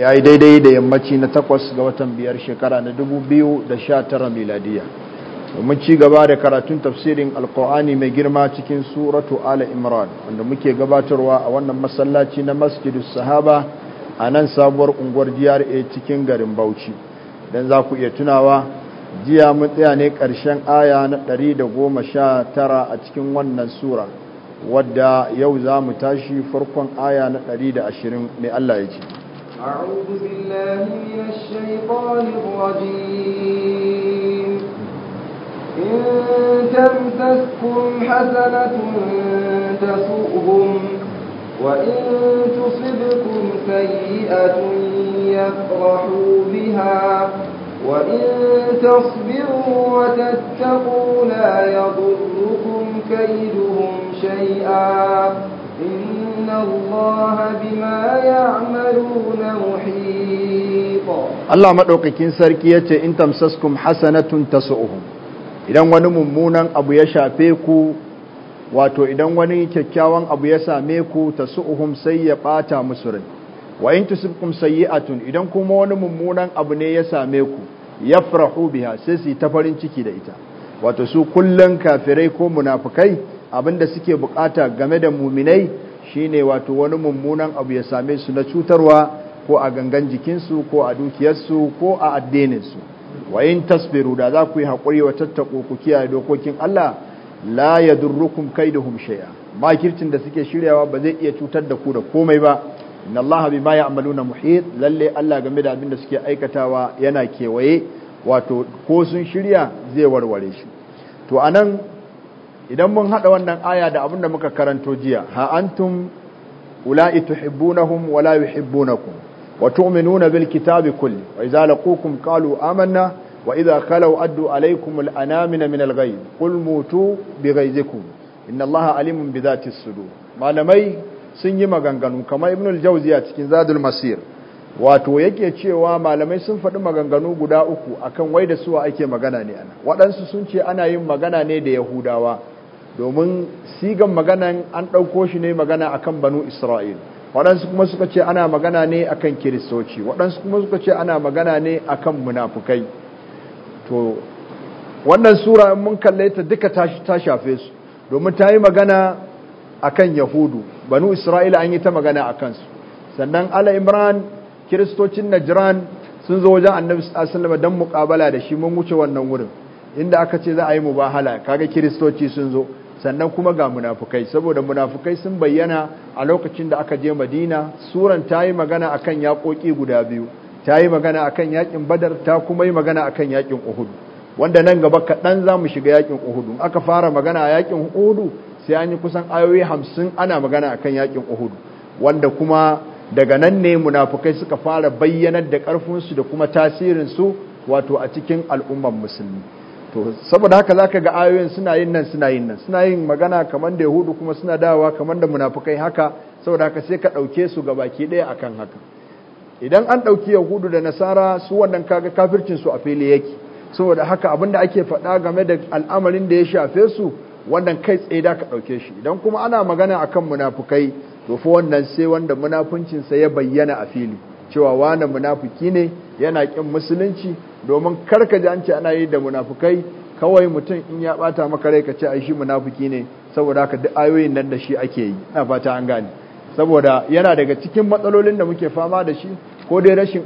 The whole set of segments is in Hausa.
ya yi daidai da yammaci na takwas ga watan biyar shekara na dubu biyu da miladiya domin ci gaba da karatun tafsirin alko'ani mai girma cikin suratu ala imran wanda muke gabatarwa a wannan masallaci na masjidus sahaba a nan sabuwar unguwar gra cikin garin bauchi don za ku iya tunawa jiya mun tsaya ne ƙarshen aya na ɗari da goma sha tara a cikin wannan sura wadda yau za mu tashi farkon aya na ɗari da ashirin mai allah ya ce أعوذ بالله من الشيطان الرجيم إن تمسسكم حسنة تسؤهم وإن تصبكم سيئة يفرحوا بها وإن تصبروا وتتقوا لا يضركم كيدهم شيئا الله بما يعملون محيط الله سركي in tamsaskum hasanatun tasuhum idan wani mummunan abu ya shafe ku wato idan wani kyakkyawan abu ya same ku ta tasuhum sai ya bata musu rai wa in tusibkum sayyi'atun idan kuma wani mummunan abu ne ya same ku yafrahu biha sai su ta farin ciki da ita wato su kullun kafirai ko munafikai abinda suke bukata game da muminai shine wato wani mummunan abu ya same su na cutarwa ko a gangan jikinsu ko a dukiyarsu ko a addininsu wa in tasbiru da za ku yi haƙuri wa tattako ku kiyaye dokokin Allah la yadurrukum kaiduhum shay'a makircin da suke shiryawa ba zai iya cutar da ku da komai ba inna Allah bima ya'maluna muhit lalle Allah game da abin da suke aikatawa yana kewaye wato ko sun shirya zai warware shi to anan idan mun hada wannan aya da abin da muka karanto jiya ha antum ulai tuhibbunahum wa la yuhibbunakum wa tu'minuna bil kitabi kulli wa idza laqukum qalu amanna wa idza khalu addu alaykum al anamina min al ghayb qul mutu bi ghayzikum inna allaha alimun bi dhati sudur malamai sun yi maganganu kamar ibn al jawzi a cikin zadul masir wato yake cewa malamai sun faɗi maganganu guda uku akan wai da suwa ake magana ne ana waɗansu sun ce ana yin magana ne da yahudawa domin sigan maganan an ɗauko shi ne magana akan banu isra'il waɗansu kuma suka ce ana magana ne akan kiristoci waɗansu kuma suka ce ana magana ne akan munafukai to wannan sura mun kalle ta duka ta shafe su domin ta yi magana akan yahudu banu isra'il an yi ta magana a kansu sannan ala imran kiristocin najran sun zo wajen annabi asalama don muƙabala da shi mun wuce wannan wurin inda aka ce za a yi mubahala kaga kiristoci sun zo sannan kuma ga munafukai saboda munafukai sun bayyana a lokacin da aka je madina suran ta yi magana akan yaƙoƙi guda biyu ta yi magana akan yaƙin badar ta kuma yi magana akan yaƙin uhud wanda nan gaba kaɗan za mu shiga yaƙin uhud aka fara magana a yaƙin uhud sai an yi kusan ayoyi hamsin ana magana akan yaƙin uhud wanda kuma daga nan ne munafukai suka fara bayyanar da ƙarfinsu da kuma tasirinsu wato a cikin al'ummar musulmi to saboda haka zaka ga ayoyin suna yin nan suna yin nan suna yin magana kamar da yahudu kuma suna dawowa kamar da munafukai haka saboda haka sai ka dauke su ga baki daya akan haka idan an dauki yahudu da nasara su wannan kaga kafircin su a fili yake saboda haka da ake faɗa game da al'amarin da ya shafe su wannan kai tsaye da ka dauke shi idan kuma ana magana akan munafukai to fa wannan sai wanda munafuncinsa ya bayyana a fili cewa wani munafuki ne yana kin musulunci domin karka ji an ce ana yi da munafukai kawai mutum in ya bata maka rai ka ce ai shi munafiki ne saboda haka duk ayoyin nan da shi ake yi ina fata an gane saboda yana daga cikin matsalolin da muke fama da shi ko dai rashin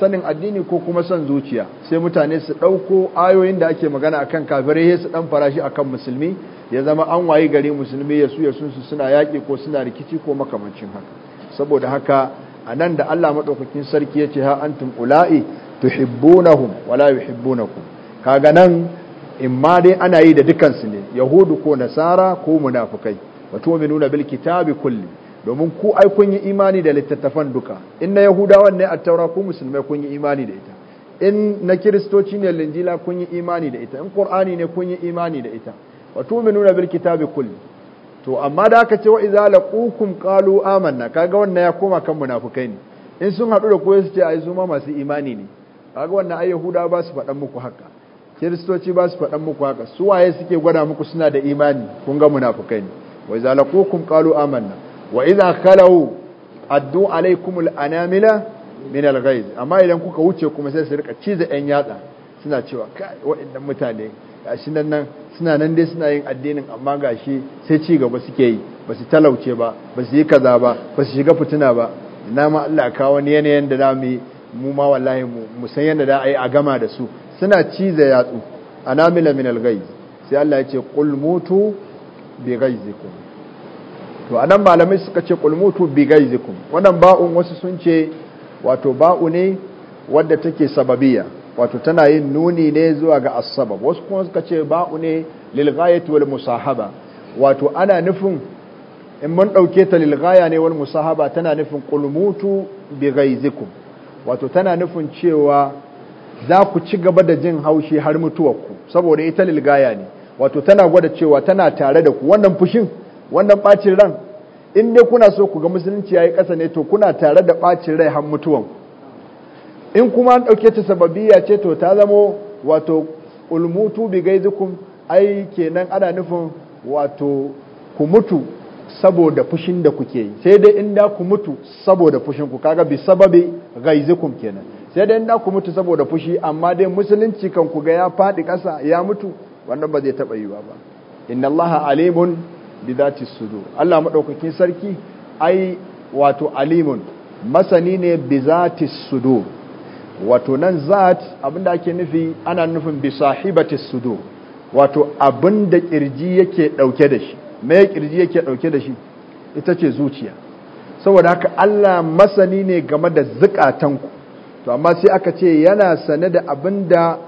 sanin addini ko kuma son zuciya sai mutane su dauko ayoyin da ake magana akan kafirai su ɗan farashi akan musulmi ya zama an wayi gari musulmi ya su ya sun su suna yaki ko suna rikici ko makamancin haka saboda haka A nan da Allah madaukakin sarki yace ha antum ula'i tuhibbunahum wala yuhibbunakum kaga nan in ma dai ana yi da dukansu ne yahudu ko nasara ko munafikai wa tu'minuna bil kitabi kulli domin ku ai kun yi imani da littattafan duka in na yahudawan ne at-taura ku musulmai kun yi imani da ita in na kiristoci ne linjila kun yi imani da ita in qur'ani ne kun yi imani da ita wa tu'minuna bil kitabi kulli to amma da aka ce wa idza laqukum qalu amanna kaga wannan ya koma kan munafukai ne in sun hadu da koyo su ce ai su ma masu imani ne kaga wannan ai yahuda ba su fadan muku haka kristoci ba su fadan muku haka su waye suke gwada muku suna da imani kun ga munafukai ne wa idza laqukum qalu amanna wa idza khalu addu alaikum al-anamila min al amma idan kuka wuce kuma sai su rika ciza yan yatsa suna cewa kai waɗannan mutane gashi nan nan suna nan dai suna yin addinin amma gashi sai ci gaba suke yi ba su talauce ba ba su yi kaza ba ba su shiga fituna ba ina ma Allah ka wani yanayin da zamu yi mu ma wallahi mu san yanda da yi a gama da su suna ciza yatsu anamila min al ghayz sai Allah ya ce qul mutu bi ghayzikum to anan malamai suka ce qul mutu bi ghayzikum wannan ba'un wasu sun ce wato ba'u ne wadda take sababiyya wato tana yin nuni ne zuwa ga asaba wasu kuma suka ce ba'u ne lilgaya ta wal musahaba wato ana nufin in mun dauke ta lilgaya ne wal musahaba tana nufin qulmutu bi ghaizikum wato tana nufin cewa za ku ci gaba da jin haushi har mutuwarku saboda ita lilgaya ne wato tana gwada cewa tana tare da ku wannan fushin wannan bacin ran in dai kuna so ku ga musulunci yayi kasa ne to kuna tare da bacin rai har mutuwanku in kuma an ɗauke ta sababiyya ce to ta zamo wato ulmutu bi gaizikum ai kenan ana nufin wato ku mutu saboda fushin da kuke yi sai dai in da ku mutu saboda fushin ku kaga bi sababi gaizikum kenan sai dai in ku mutu saboda fushi amma dai musulunci kan ku ga ya faɗi kasa ya mutu wannan ba zai taɓa yi ba inna allaha alimun bi zati sudu Allah madaukakin sarki ai wato alimun masani ne bi zati sudu wato nan zat abinda ake nufi ana nufin bi sahibati sudur wato abinda kirji yake dauke da shi me kirji yake dauke da shi ita ce zuciya saboda haka Allah masani ne game da zukatanku to amma sai aka ce yana sane da abinda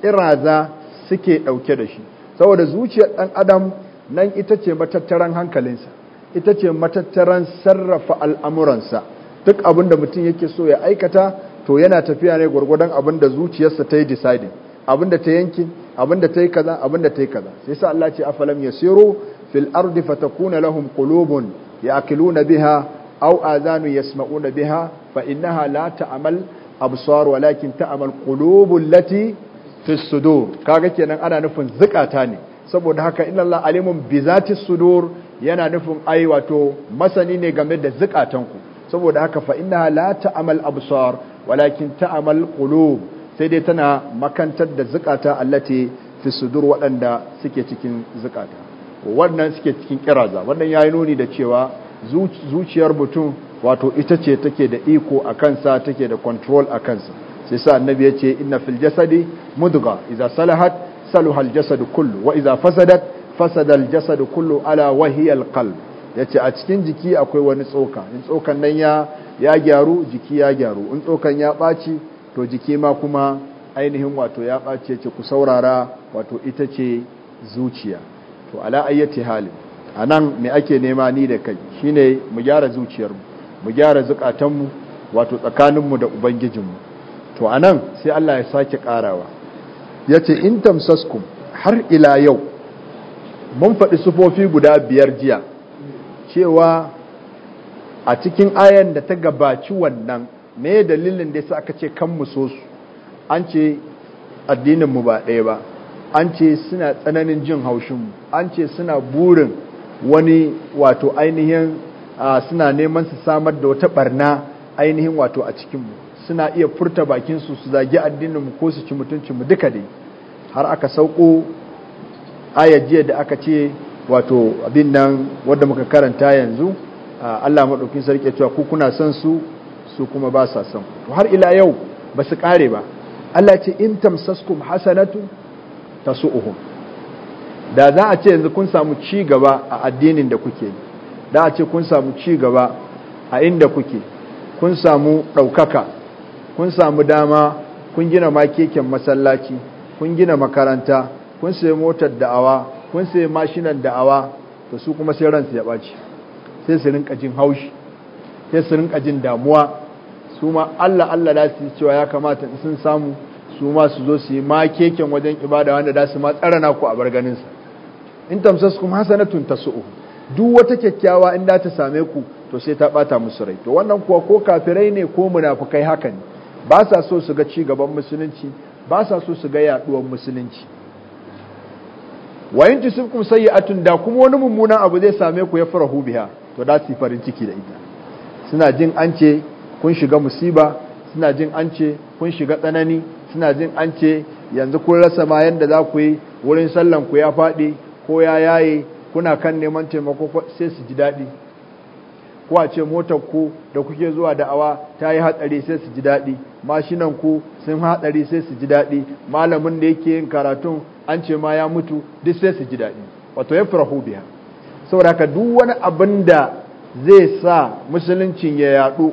kiraza suke dauke da shi saboda zuciyar dan adam nan ita ce matattaran hankalinsa ita ce matattaran sarrafa al'amuransa duk abinda mutum yake so ya aikata to yana tafiya ne gwargwadon abin da zuciyarsa ta yi deciding abin da ta yanki abin da ta yi kaza abin da ta yi kaza sai sa Allah ce afalam yasiru fil ardi fatakuna lahum qulubun yaqiluna biha aw azanu yasma'una biha fa innaha la ta'mal absar walakin ta'mal qulubul lati fis sudur kaga kenan ana nufin zukata ne saboda haka inna Allah alimun bi zati sudur yana nufin ai wato masani ne game da ku saboda haka fa innaha la ta'mal absar walakin ta'amal qulub sai dai tana makantar da zukata allati fi sudur waɗanda suke cikin zukata wannan suke cikin kiraza wannan yayi nuni da cewa zuciyar mutum wato ita ce take da iko a kansa take da control a kansa sai sa annabi ya ce inna fil jasadi mudga idza salahat saluha al jasad kullu wa idza fasadat fasada al jasad kullu ala wa hiya qalb yace a cikin jiki akwai wani tsoka in tsokan nan ya ya gyaru jiki ya gyaru in tsokan ya ɓaci to jiki ma kuma ainihin wato ya ɓaci ce ku saurara wato ita ce zuciya to ala ayyati halin a nan me ake nema ni da kai shine mu gyara zuciyarmu mu gyara zukatanmu wato tsakaninmu da ubangijinmu to a nan sai allah ya sake karawa yace ce in tamsaskum har ila yau mun faɗi sufofi guda biyar jiya cewa a cikin ayan da ta gabaci wannan me dalilin da yasa aka ce kan mu so su an ce addinin mu ba ɗaya ba an ce suna tsananin jin haushin mu an ce suna burin wani wato ainihin suna neman su samar da wata barna ainihin wato a cikin mu suna iya furta bakin su su zagi addinin mu ko su ci mutuncin mu duka dai har aka sauko aya jiya da aka ce wato abin nan wanda muka karanta yanzu Allah maɗaukin sarki cewa ku kuna son su su kuma ba sa son to har ila yau ba su kare ba Allah ce in tamsaskum hasanatu tasu'uhum da za a ce yanzu kun samu ci gaba a addinin da kuke da a ce kun samu ci gaba a inda kuke kun samu ɗaukaka kun samu dama kun gina ma masallaci kun gina makaranta kun sayi motar da'awa kun sayi mashinan da'awa to su kuma sai ransu ya ɓaci sai su rinka jin haushi sai su rinka jin damuwa su ma Allah Allah da su cewa ya kamata in sun samu su ma su zo su yi ma keken wajen ibada wanda da su ma tsara ku a barganin sa in kuma hasanatun su'u duk wata kyakkyawa in da ta same ku to sai ta bata musu rai to wannan kuwa ko kafirai ne ko munafukai haka ne ba sa so su ga ci gaban musulunci ba sa so su ga yaduwar musulunci wayin sayi atun da kuma wani mummunan abu zai same ku ya farahu biha to da su farin ciki da ita suna jin an ce kun shiga musiba suna jin an ce kun shiga tsanani suna jin an ce yanzu kun rasa ma yadda za ku yi wurin sallan ku ya faɗi ko ya yaye kuna kan neman taimako sai su ji daɗi ko a ce motar ku da kuke zuwa da'awa ta yi hatsari sai su ji daɗi mashinan ku sun hatsari sai su ji daɗi malamin da yake yin karatun an ce ma ya mutu duk sai su ji daɗi wato ya farahu biya saboda haka duk wani abin da zai sa musuluncin ya yaɗu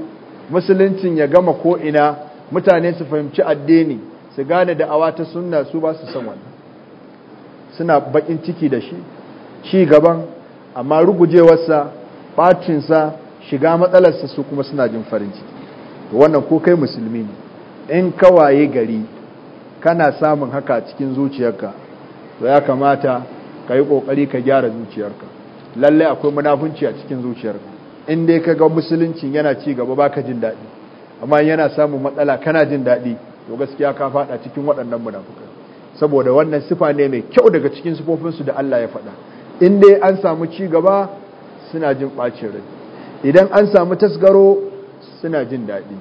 musuluncin ya gama ko ina mutane su fahimci addini su gane da awa ta sunna su ba su san wannan suna bakin ciki da shi ci gaban amma rugujewarsa ɓacinsa shiga matsalarsa su kuma suna jin farin ciki wannan ko kai musulmi ne in kawaye gari kana samun haka cikin zuciyarka to ya kamata ka yi ƙoƙari ka gyara zuciyarka lallai akwai munafunci a cikin zuciyarka in dai ka ga musuluncin yana ci gaba baka jin daɗi amma yana samun matsala kana jin daɗi to gaskiya ka faɗa cikin waɗannan munafukan saboda wannan sifa ne mai kyau daga cikin sifofinsu da Allah ya faɗa in dai an samu ci gaba suna jin ɓacin rai idan an samu tasgaro suna jin daɗi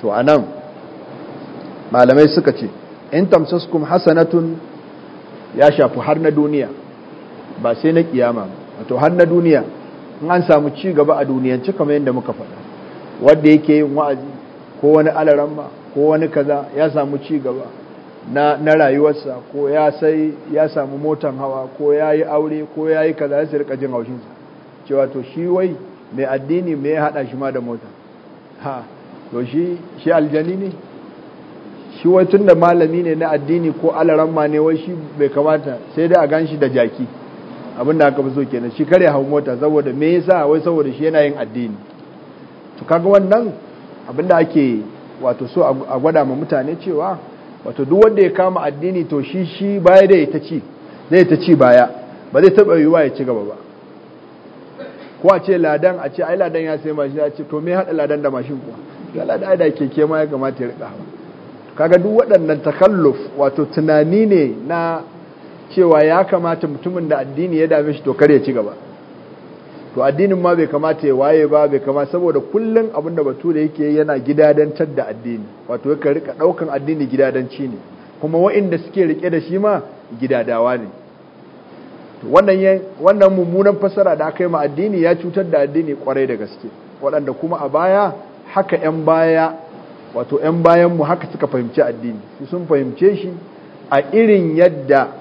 to a nan malamai suka ce in tamsaskum hasanatun ya shafi har na duniya ba sai na kiyama ba wato har na duniya in an samu ci gaba a duniyance kamar yadda muka faɗa wanda yake yin wa'azi ko wani alaramma ko wani kaza ya samu ci gaba na, rayuwarsa ko ya sai ya samu motan hawa ko ya yi aure ko ya yi kaza ya rika jin haushinsa cewa to shi wai mai addini mai haɗa shi ma da mota ha to shi shi aljani ne shi wai tun da malami ne na addini ko ma ne wai shi bai kamata sai dai a gan shi da jaki abinda aka fi so kenan shi kare hau mota saboda me yasa wai saboda shi yana yin addini to kaga wannan abinda ake wato so a gwada ma mutane cewa wato duk wanda ya kama addini to shi shi baya da ita ci zai ta ci baya ba zai taba yiwa ya ci gaba ba ko a ce ladan a ce ai ladan ya sai mashin a ce to me hada ladan da mashin kuwa ya ladan da keke ma ya kamata ya rika hawa kaga duk waɗannan takalluf wato tunani ne na cewa ya kamata mutumin da addini ya dame shi to kar ya ci gaba to addinin ma bai kamata ya waye ba bai kama saboda kullum abin da bature yake yana gidadantar da addini wato ka rika daukan addini gidadanci ne kuma wa'inda suke rike da shi ma gidadawa ne wannan mummunan fasara da aka yi ma addini ya cutar da addini kwarai da gaske waɗanda kuma a baya haka 'yan baya wato 'yan bayanmu haka suka fahimci addini su sun fahimce shi a irin yadda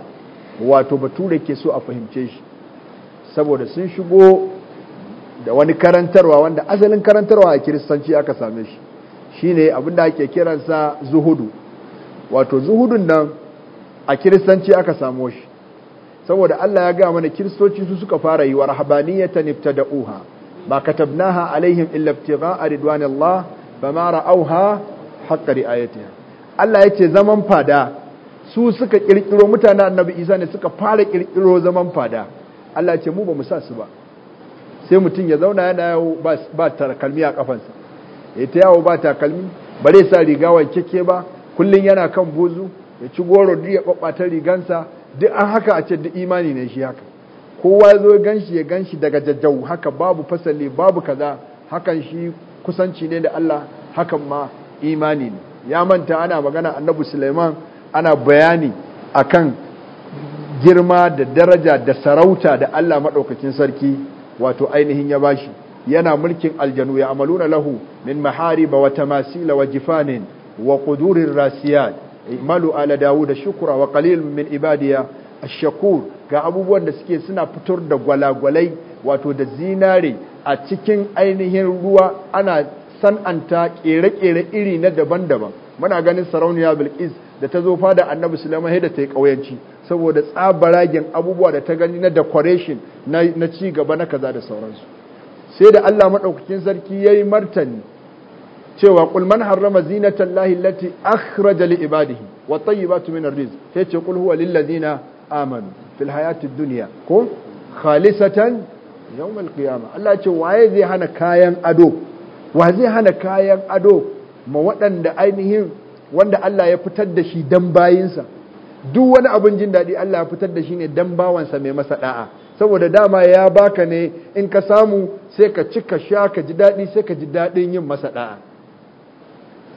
wato bature ke so a fahimce shi saboda sun shigo da wani karantarwa wanda asalin karantarwa a kiristanci aka same shi shine abinda ake kiransa zuhudu wato zuhudun nan a kiristanci aka samo shi saboda Allah ya ga mana kiristoci su suka fara yi wa rahabaniyatan ibtada'uha ma katabnaha alaihim illa ibtigha'a ridwanillah fama ra'awha haqqa ri'ayatiha Allah ya ce zaman fada su suka kirkiro mutane annabi isa ne suka fara kirkiro zaman fada Allah ce mu ba mu sa su ba sai mutum ya zauna yana yawo ba takalmi a kafansa ya ta yawo ba takalmi ba zai sa riga wankeke ba kullum yana kan buzu ya ci goro duk ya babbata rigansa duk an haka a ce duk imani ne shi haka kowa ya zo ganshi ya ganshi daga jajjau haka babu fasali babu kaza hakan shi kusanci ne da Allah hakan ma imani ne ya manta ana magana annabi Sulaiman ana bayani akan girma da daraja da sarauta da Allah madaukakin sarki wato ainihin ya bashi yana mulkin aljanu ya amaluna lahu min mahariba wa tamasila wa jifanin wa qudurir rasiyat malu ala dawuda shukura wa qalil min ibadiya ashakur ga abubuwan da suke suna fitar da gwalagwalai wato da zinare a cikin ainihin ruwa ana san'anta kere-kere iri na daban-daban muna ganin sarauniya bilqis da ta zo fada annabi sulaiman ya da ta yi kauyanci saboda tsabaragen abubuwa da ta gani na decoration na ci gaba na kaza da sauransu sai da Allah madaukakin sarki yayi martani cewa ƙulman man harrama zinata lati allati akhraja li ibadihi wat tayyibatu min arrizq sai ce qul huwa lil ladina amanu fil hayati dunya ko khalisatan al qiyama Allah ce waye zai hana kayan ado wa zai hana kayan ado ma waɗanda ainihin wanda Allah ya fitar da shi dan bayinsa duk wani abin jin daɗi Allah ya fitar da shi ne dan bawansa mai masa da'a saboda dama ya baka ne in ka samu sai ka ci ka sha ka ji daɗi sai ka ji daɗin yin masa da'a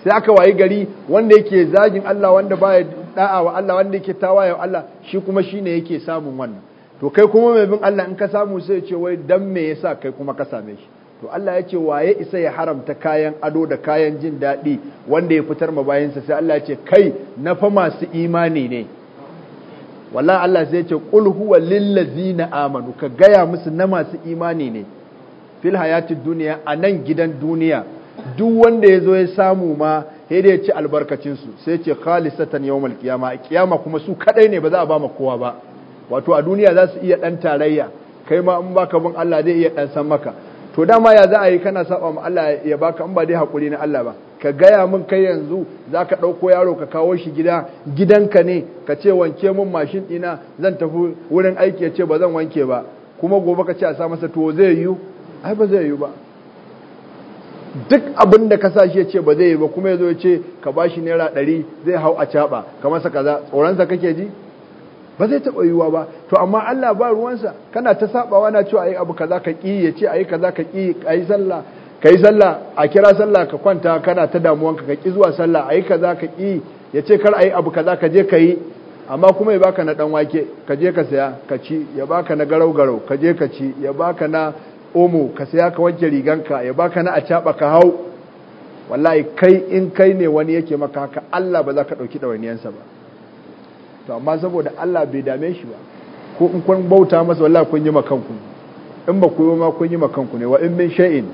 sai aka wayi gari wanda yake zagin Allah wanda baya da'a wa Allah wanda yake tawaye wa Allah shi kuma shine yake samun wannan to kai kuma mai bin Allah in ka samu sai ce wai dan me yasa kai kuma ka same shi to Allah ya ce waye isa ya haramta kayan ado da kayan jin daɗi wanda ya fitar ma bayansa sai Allah ya ce kai na fa masu imani ne wallahi Allah sai ya ce qul huwa lillazina amanu ka gaya musu na masu imani ne fil hayatid dunya anan gidan duniya duk wanda ya zo ya samu ma sai da ya ci albarkacin su sai ce khalisatan yawmal qiyama a kiyama kuma su kadai ne ba za a ba ma kowa ba wato a duniya za su iya dan tarayya kai ma in baka bin Allah zai iya dan san maka to dama ya za a yi kana saba ma Allah ya baka in ba dai hakuri na Allah ba ka gaya mun kai yanzu za ka ɗauko yaro ka kawo shi gida gidanka ne ka ce wanke mun mashin ɗina zan tafi wurin aiki ya ce ba zan wanke ba kuma gobe ka ce a sa masa to zai yiwu ai ba zai yiwu ba duk abin da ka sa shi ya ce ba zai yi ba kuma ya zo ya ce ka ba shi naira ɗari zai hau a caɓa ka masa kaza tsoronsa kake ji ba zai taɓa yiwuwa ba to amma Allah ba ruwansa kana ta sabawa na cewa ayi abu kaza ka ki ya ce ayi kaza ka ki ayi sallah kai sallah a kira sallah ka kwanta kana ta damuwanka ka ki zuwa sallah ayi kaza ka ki ya ce kar ayi abu kaza ka je ka yi amma kuma ya baka na dan wake ka je ka saya ka ci ya baka na garau garau ka je ka ci ya baka na omo ka saya ka wanke riganka ya baka na acaba ka hau wallahi kai in kai ne wani yake maka haka Allah ba za ka dauki dawainiyansa ba to amma saboda Allah bai dame shi ba ko in kun bauta masa wallahi kun yi makanku in ba ku yi ma kun yi makanku ne wa in min shay'in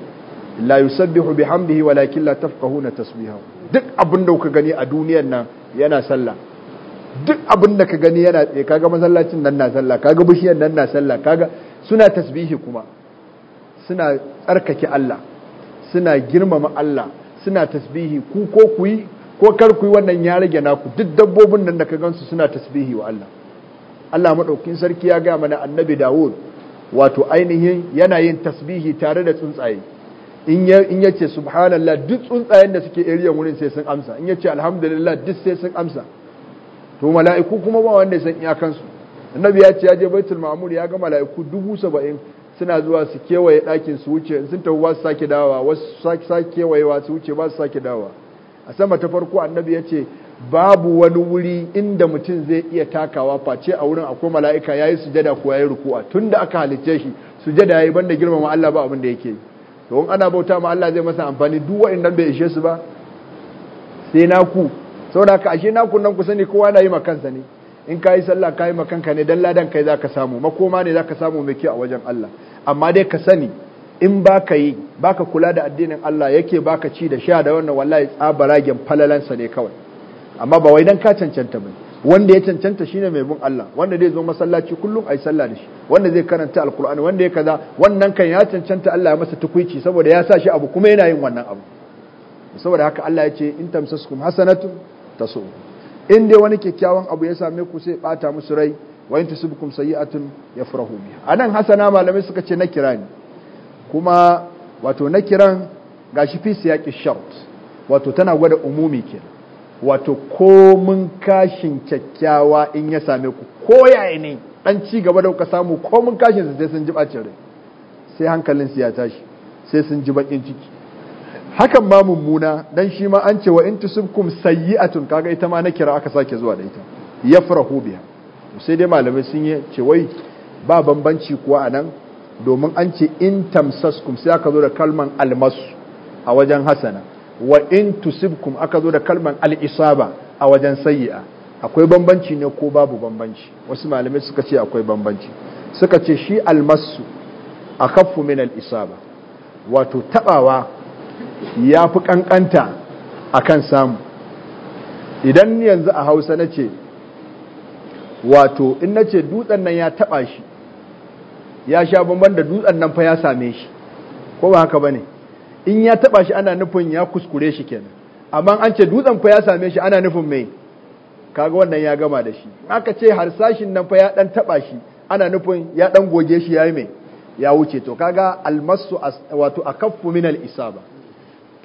la yusabbihu bihamdihi walakin la tafqahuna tasbihahu duk abin da kuka gani a duniyar nan yana sallah duk abin da ka gani yana tsaye eh, kaga masallacin nan na sallah kaga bishiyar nan na sallah kaga suna tasbihi kuma suna tsarkake Allah suna girmama Allah suna tasbihi ku ko ku yi ko kar ku yi wannan ya rage naku duk dabbobin nan da ka gansu suna tasbihi wa Allah Allah maɗaukin sarki ya ga mana annabi Dawud wato ainihin yana yin tasbihi tare da tsuntsaye in ya in yace subhanallah duk tsuntsayen da suke area wurin sai sun amsa in yace alhamdulillah duk sai sun amsa to mala'iku kuma ba wanda san iya kansu annabi ya ce ya je baitul ma'mur ya ga mala'iku dubu saba'in suna zuwa su kewaye ɗakin su wuce sun tafi ba su sake dawa wasu sake kewayewa su wuce ba su sake dawa a sama ta farko annabi ya ce babu wani wuri inda mutum zai iya takawa face a wurin akwai mala'ika ya yayi sujada ko ya yi yayi tun da aka halicce shi sujada yi banda girmama Allah ba abin da yake to ana bauta ma Allah zai masa amfani duwa inda bai ishe su ba sai naku saboda ka ashe naku nan ku sani kowa na yi makansa ne in ka yi sallah ka yi makanka ne dan ladan kai ka samu makoma ne za ka samu mai kyau a wajen Allah amma dai ka sani in ka yi baka kula da addinin Allah yake baka ci da sha da wannan wallahi tsabaragen falalansa ne kawai amma ba wai dan ka cancanta ba wanda ya cancanta shine mai bin Allah wanda zai zo masallaci kullum ai sallah da shi wanda zai karanta alkur'ani wanda ya kaza wannan kan ya cancanta Allah ya masa tukuici saboda ya sa shi abu kuma yana yin wannan abu saboda haka Allah ya ce in tamsaskum hasanatu tasu in dai wani kyakkyawan abu ya same ku sai bata musu rai wa in tusibkum sayi'atun yafrahu biha anan hasana malamai suka ce na kirani kuma wato na kiran shi fi siyaƙi shart wato tana gwada umumi ke wato komin kashin kyakkyawa in ya same ku ko yaya ne ɗan ci gaba da kuka samu komin kashin sai sun ji ɓacin rai sai hankalin su ya tashi sai sun ji baƙin ciki hakan ma mummuna dan shi ma an ce wa in tusibkum sayyi'atun kaga ita ma na kira aka sake zuwa da ita yafrahu biha sai dai malamai sun yi ce ba bambanci kuwa a nan. domin an ce in tamsaskum sai aka zo da kalman almasu a wajen hasana wa in tusibkum aka zo da kalman al'isaba a wajen sayi'a akwai bambanci ne ko babu bambanci wasu malamai suka ce akwai bambanci suka ce shi almasu a kafu min al'isaba wato tabawa ya fi kankanta a kan samu idan yanzu a hausa na ce wato in na ce dutsen nan ya taɓa shi ya sha bamban da dutsen nan fa ya same shi ko ba haka bane in ya taba shi ana nufin ya kuskure shi kenan amma an ce dutsen fa ya same shi ana nufin mai kaga wannan ya gama da shi aka ce harsashin nan fa ya dan taba shi ana nufin ya dan goge shi yayi mai ya wuce to kaga almasu wato akaffu min al-isaba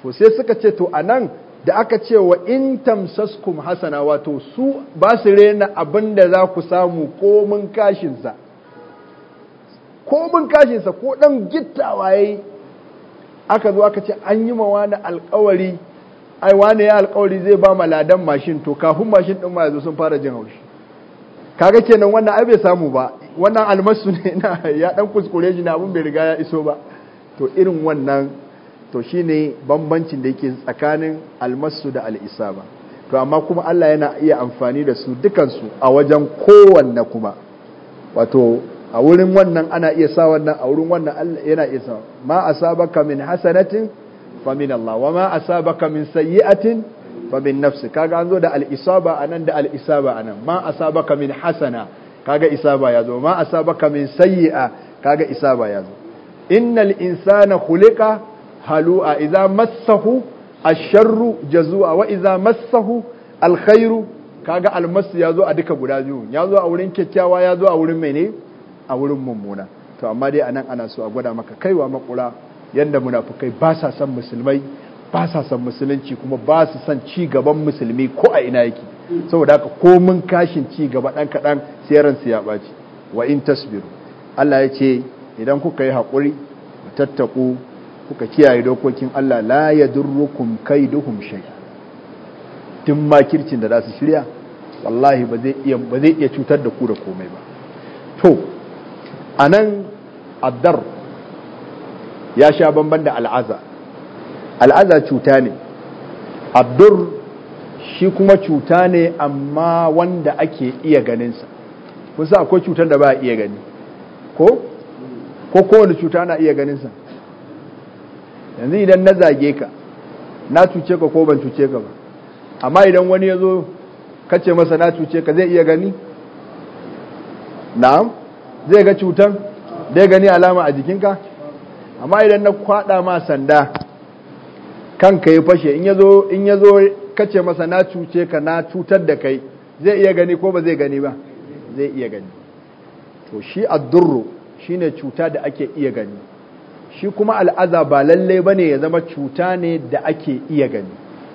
to sai suka ce to anan da aka ce wa in tamsaskum hasana wato su ba su rena abinda za ku samu ko kashin sa ko mun kashinsa ko ɗan gittawa ya aka zo aka ce an yi ma wani alkawari ai wani ya alkawari zai ba ma ladan mashin to kafin mashin ɗin ma ya zo sun fara jin haushi kaga kenan wannan ai bai samu ba wannan almasu ne na ya ɗan kuskure shi na abin bai riga ya iso ba to irin wannan to shine bambancin da yake tsakanin almasu da al'isa ba. to amma kuma Allah yana iya amfani da su dukansu a wajen kowanne kuma wato a wurin wannan ana iya sa wannan a wurin wannan Allah yana iya sa ma asabaka min hasanatin fa min Allah wa ma asabaka min sayyi'atin fa min nafsi kaga an zo da al-isaba anan da al-isaba anan ma asabaka min hasana kaga isaba ya zo ma asabaka min sayyi'a kaga isaba ya zo innal insana khuliqa halu'a idza massahu asharru jazua wa idza massahu alkhairu kaga al ya zo a duka guda biyu ya zo a wurin kyakkyawa ya zo a wurin ne a wurin mummuna to amma dai anan ana so a gwada maka kaiwa makura yanda munafukai ba sa son musulmai ba sa son musulunci kuma ba su son ci gaban musulmi ko a ina yake saboda haka ko mun kashin ci gaba dan kadan sai ransu ya baci wa in tasbiru Allah ya ce idan kuka yi hakuri tattaku kuka kiyaye dokokin Allah la yadurrukum kaiduhum shai tun makircin da za su shirya wallahi ba zai iya cutar da ku da komai ba to anan nan addar ya sha bamban da al'aza al'aza cuta ne addur shi kuma cuta ne amma wanda ake iya ganinsa kusa akwai cutar da ba a iya gani ko ko kowane cuta na iya ganinsa yanzu idan na zage ka na cuce ka ko ban cuce ka ba amma idan wani ya zo kace masa na cuce ka zai iya gani na'am zai ga cutan da ya gani alama a jikinka amma idan na kwada ma sanda kanka ya fashe in yazo in yazo kace masa na cuce ka na cutar da kai zai iya gani ko ba zai gani ba zai iya gani to shi addurru shine cuta da ake iya gani shi kuma al'aza ba lalle bane ya zama cuta ne da ake iya gani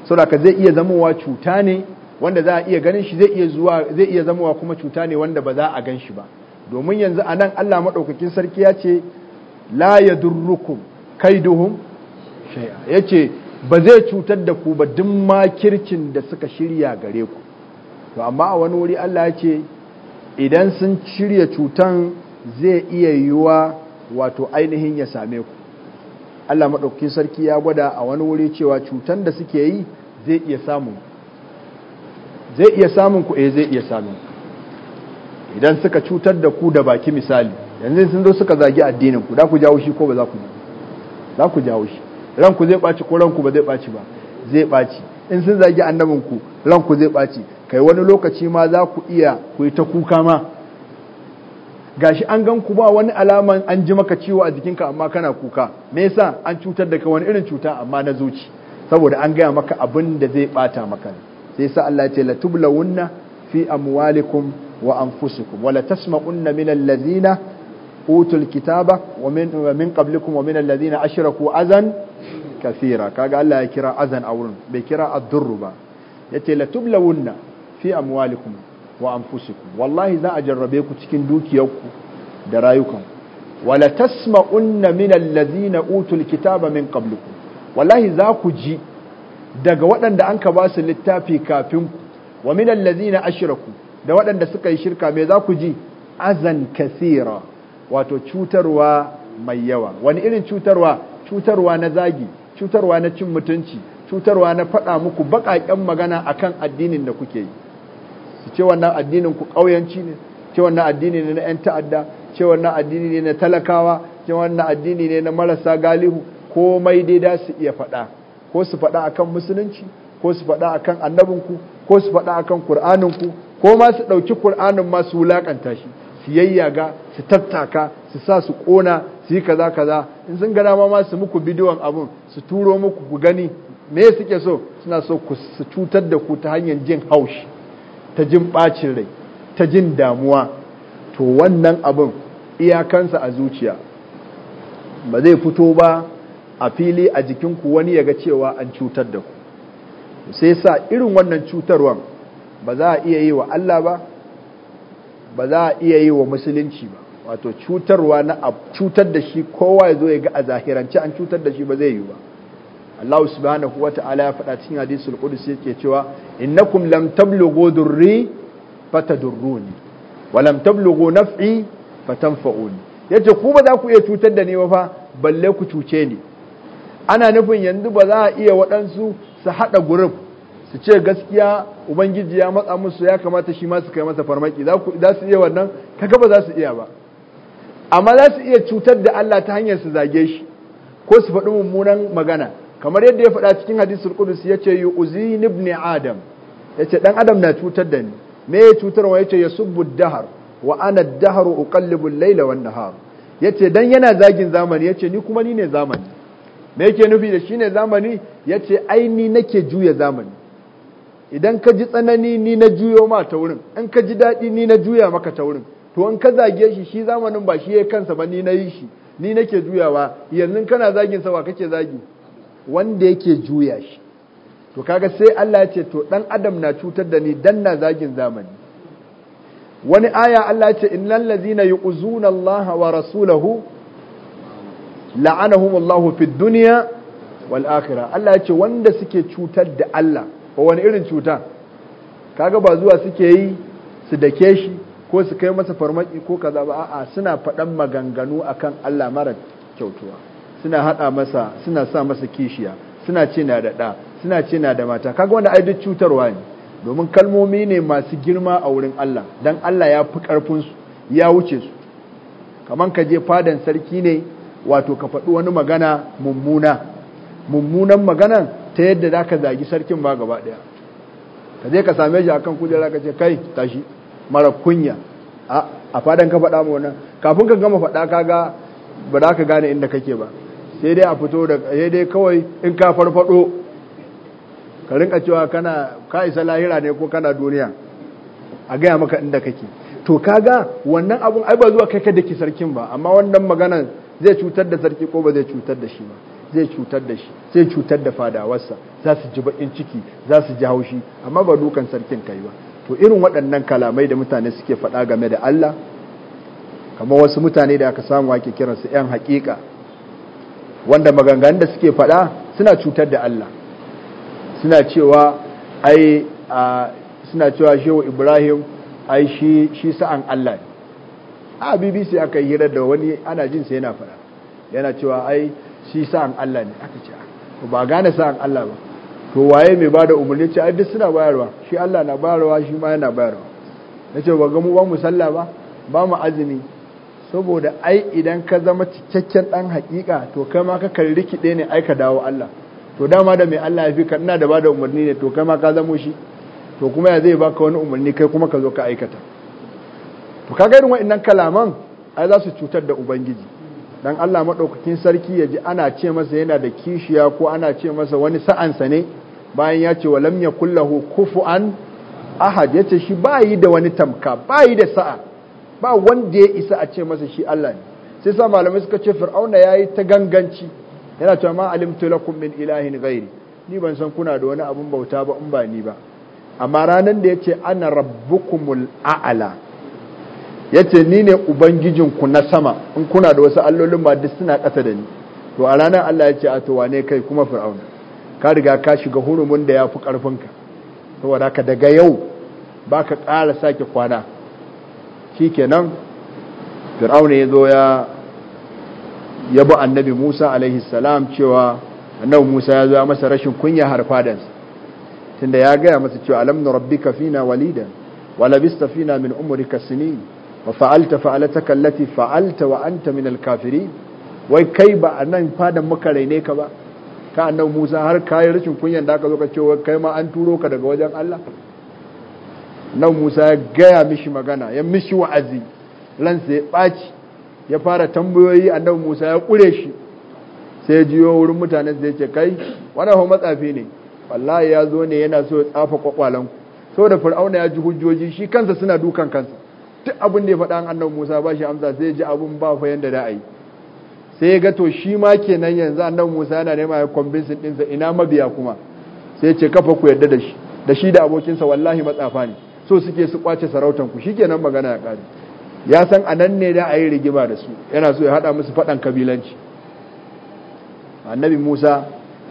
saboda ka zai iya zamowa cuta ne wanda za a iya ganin shi zai iya zuwa zai iya zamowa kuma cuta ne wanda ba za a gan shi ba domin yanzu a nan Allah maɗaukakin sarki ya ce la ya durrukum kai duhun ya ce ba zai cutar da ku ba duk makircin da suka shirya gare ku to amma a wani wuri Allah ya ce idan sun shirya cutan zai iya yiwuwa wato ainihin ya same ku Allah maɗaukakin sarki ya gwada a wani wuri cewa cutan da suke yi zai iya samun zai iya samun ku eh zai iya samun ku idan suka cutar da ku da baki misali yanzu sun zo suka zagi addinin ku da ku jawo shi ko ba za ku za ku jawo shi ranku zai baci ko ranku ba zai ɓaci ba zai ɓaci in sun zagi annabin ku ran ku zai baci kai wani lokaci ma za ku iya ku yi ta kuka ma gashi an gan ku ba wani alaman an ji maka ciwo a jikinka amma kana kuka me yasa an cutar da kai wani irin cuta amma na zuci saboda an gaya maka abin da zai bata maka sai sa Allah ya ce la tublawunna fi amwalikum وأنفسكم ولا تسمعن من الذين أوتوا الكتاب ومن من قبلكم ومن الذين أشركوا أذى كثيرا كاغا الله يكرا أذى أولن بكرا الضر با يتي لتبلون في أموالكم وأنفسكم والله ذا أجربيكم تكن دوكيوكم درايكم ولا تسمعن من الذين أوتوا الكتاب من قبلكم والله ذا كجي daga waɗanda an ka ba su littafi kafin wa min allazina ashraku da waɗanda suka yi shirka me za ku ji azan kasira wato cutarwa mai yawa wani irin cutarwa cutarwa na zagi cutarwa na cin mutunci cutarwa na faɗa muku baƙaƙen magana a kan addinin da kuke yi su ce wannan addinin ku ƙauyanci ne ce wannan addini ne na 'yan ta'adda ce wannan addini ne na talakawa ce wannan addini ne na marasa galihu komai dai da su iya faɗa ko su faɗa akan musulunci ko su faɗa akan annabinku ko su faɗa akan kur'aninku ko ma su ɗauki ƙul'anin masu su wulaƙanta shi su yayyaga su tattaka su sa su ƙona su yi kaza kaza in sun ga ma su muku bidiyon abun su turo muku ku gani me suke so suna so ku su cutar da ku ta hanyar jin haushi ta jin ɓacin rai ta jin damuwa to wannan abun iyakansa a zuciya ba zai fito ba a fili a jikinku wani ya ga cewa an cutar da ku sai sa irin wannan cutarwan ba za a iya yi wa Allah ba ba za a iya yi wa musulunci ba wato cutarwa na a cutar da shi kowa ya zo ya ga a zahirance an cutar da shi ba zai yi ba Allah subhanahu wa ta'ala ya faɗa cikin hadisul qudus yake cewa innakum lam tablughu durri fatadurruni wa lam tablughu naf'i fatanfa'uni yace ku ba za ku iya cutar da ni ba fa balle ku cuce ni ana nufin yanzu ba za a iya waɗansu su haɗa guruf su ce gaskiya ubangiji ya matsa musu ya kamata shi ma su kai masa farmaki za su iya wannan kaga ba za su iya ba amma za su iya cutar da Allah ta hanyar su zage shi ko su faɗi mummunan magana kamar yadda ya faɗa cikin hadisul qudusi yace yu'zini ibn adam yace dan adam na cutar da ni me ya cutarwa yace yasubbu dahar wa ana ad-dahr uqallibu al-layla wan nahar yace dan yana zagin zamani yace ni kuma ni ne zamani me yake nufi da shi ne zamani yace ce nake juya zamani idan ka ji tsanani ni na juyo ma ta wurin in ka ji daɗi ni na juya maka ta wurin to in ka zage shi shi zamanin ba shi ya kansa ba ni na yi shi ni nake juyawa yanzu kana zagin sa wa kake zagi wanda yake juya shi to kaga sai Allah ya ce to dan adam na cutar da ni dan na zagin zamani wani aya Allah ya ce innal ladzina yu'zuna Allah wa rasulahu la'anahumullahu fid dunya wal akhirah Allah ya ce wanda suke cutar da Allah ko wani irin cuta kaga ba zuwa suke yi su dake shi ko su kai masa farmaki ko kaza ba a'a suna faɗan maganganu akan Allah mara kyautuwa suna hada masa suna sa masa kishiya suna ce na da ɗa suna ce na da mata kaga wanda ai duk cutarwa ne domin kalmomi ne masu girma a wurin Allah dan Allah ya fi karfin su ya wuce su kaman ka je fadan sarki ne wato ka faɗi wani magana mummuna mummunan maganan ta yadda za ka zagi sarkin ba gaba ɗaya ka je ka same shi a kan kujera ka ce kai tashi mara kunya a fadan ka faɗa ma wannan kafin ka gama faɗa ka ga ba za ka gane inda kake ba sai dai a fito da sai dai kawai in ka farfado ka rinka cewa kana ka isa lahira ne ko kana duniya a gaya maka inda kake to kaga wannan abun ai ba zuwa kai ka daki sarkin ba amma wannan maganan zai cutar da sarki ko ba zai cutar da shi ba zai cutar da shi zai cutar da fadawarsa za su ji bakin ciki za su ji haushi amma ba dukan sarkin kai ba to irin waɗannan kalamai da mutane suke faɗa game da Allah kamar wasu mutane da aka samu ake kiransu yan haƙiƙa wanda maganganun da suke faɗa suna cutar da Allah suna cewa ai suna cewa shehu Ibrahim ai shi shi sa'an Allah ne a BBC aka yi hirar da wani ana jin sai yana faɗa yana cewa ai shi sa'an Allah ne aka ce ba gane sa'an Allah ba to waye mai bada umarni ce ai duk suna bayarwa shi Allah na bayarwa shi ma yana bayarwa nace ba ga mu ba mu sallah ba ba mu azumi saboda ai idan ka zama cikakken dan hakika to kai ma ka kalli kide ne ai ka dawo Allah to dama da mai Allah ya fi kana da bada umarni ne to kai ma ka zamo shi to kuma ya zai baka wani umarni kai kuma ka zo ka aikata to kaga irin wa'annan kalaman ai za su cutar da ubangiji dan Allah madaukakin sarki ya ji ana ce masa yana da kishiya ko ana ce masa wani sa'ansa ne bayan ya ce walam yakul lahu kufuan ahad yace shi bayi da wani tamka bayi da sa'a ba wanda ya isa a ce masa shi Allah ne sai sa malamai suka ce fir'auna yayi ta ganganci yana cewa ma alimtu lakum min ilahin ghairi ni ban san kuna da wani abun bauta ba in ba ni ba amma ranan da yace ana rabbukumul a'la yace ni ne ubangijinku na sama in kuna da wasu allolin ba duk suna ƙasa da ni to a ranar Allah ya ce a to wane kai kuma fir'auna ka riga ka shiga hurumin da ya fi ƙarfinka saboda ka daga yau ba ka ƙara sake kwana shi kenan fir'auna ya zo ya yabo annabi musa alaihi salam cewa annabi musa ya zo ya masa rashin kunya har fadansa tunda ya gaya masa cewa alam na rabbi fina walida walabista fina min umrika sinin wa fa'alta fa'alataka allati fa'alta wa anta minal wai kai ba a nan fadan maka raine ka ba ka annabi Musa har kayan rashin kunyan da ka zo ka ce wai kai ma an turo ka daga wajen Allah nan Musa ya gaya mishi magana ya mishi wa'azi sai ya ɓaci ya fara tambayoyi annabi Musa ya ƙure shi sai ya jiyo wurin mutanen sai ya ce kai wannan ho matsafi ne wallahi ya zo ne yana so ya tsafa kwakwalen ku saboda fir'auna ya ji hujjoji shi kansa suna dukan kansa duk abin da ya faɗa annabi Musa ba shi amsa sai ji abin ba fa yanda da ai sai ga to shi ma kenan yanzu annabi Musa yana nema ya convince dinsa ina mabiya kuma sai ce kafa ku yarda da shi da shi da abokinsa wallahi matsafa ne so suke su kwace sarautan ku shi shikenan magana ya kare ya san anan ne da ayi rigima da su yana so ya hada musu faɗan kabilanci annabi Musa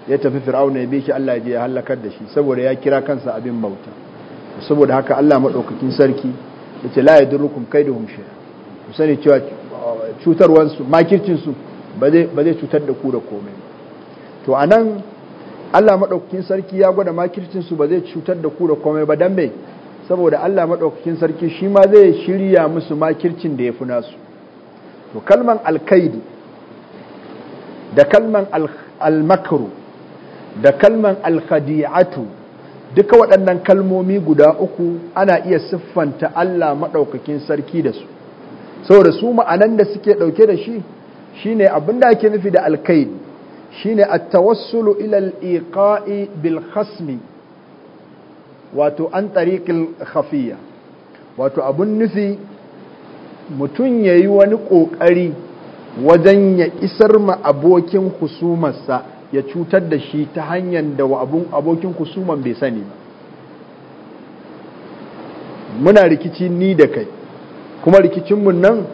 ya tafi Fir'auna ya bi shi Allah ya je ya halakar da shi saboda ya kira kansa abin bauta saboda haka Allah madaukakin sarki da ce laye ya kai da hunshe. ku sani cewa cutarwansu makircinsu ba zai cutar da ku da komai to a nan allah maɗaukakin sarki ya gwada makircinsu ba zai cutar da ku da komai ba don mai saboda allah maɗaukakin sarki shi ma zai shirya musu makircin da ya fi nasu to kalman alkaidi da kalman almakaru da kalman alkhadi'atu duka waɗannan kalmomi guda uku ana iya siffanta Allah maɗaukakin sarki da su saboda su ma'anan da suke ɗauke da shi shi ne abin da ake nufi da alkaid shine a tawassulu ilal al-iqa'i bil wato an tariqil hafiya, wato abin nufi mutum ya yi wani ƙoƙari wajen ya isar ma abokin husumarsa ya cutar da shi ta hanyar da abokin kusuman bai sani ba muna rikici ni da kai kuma rikicinmu nan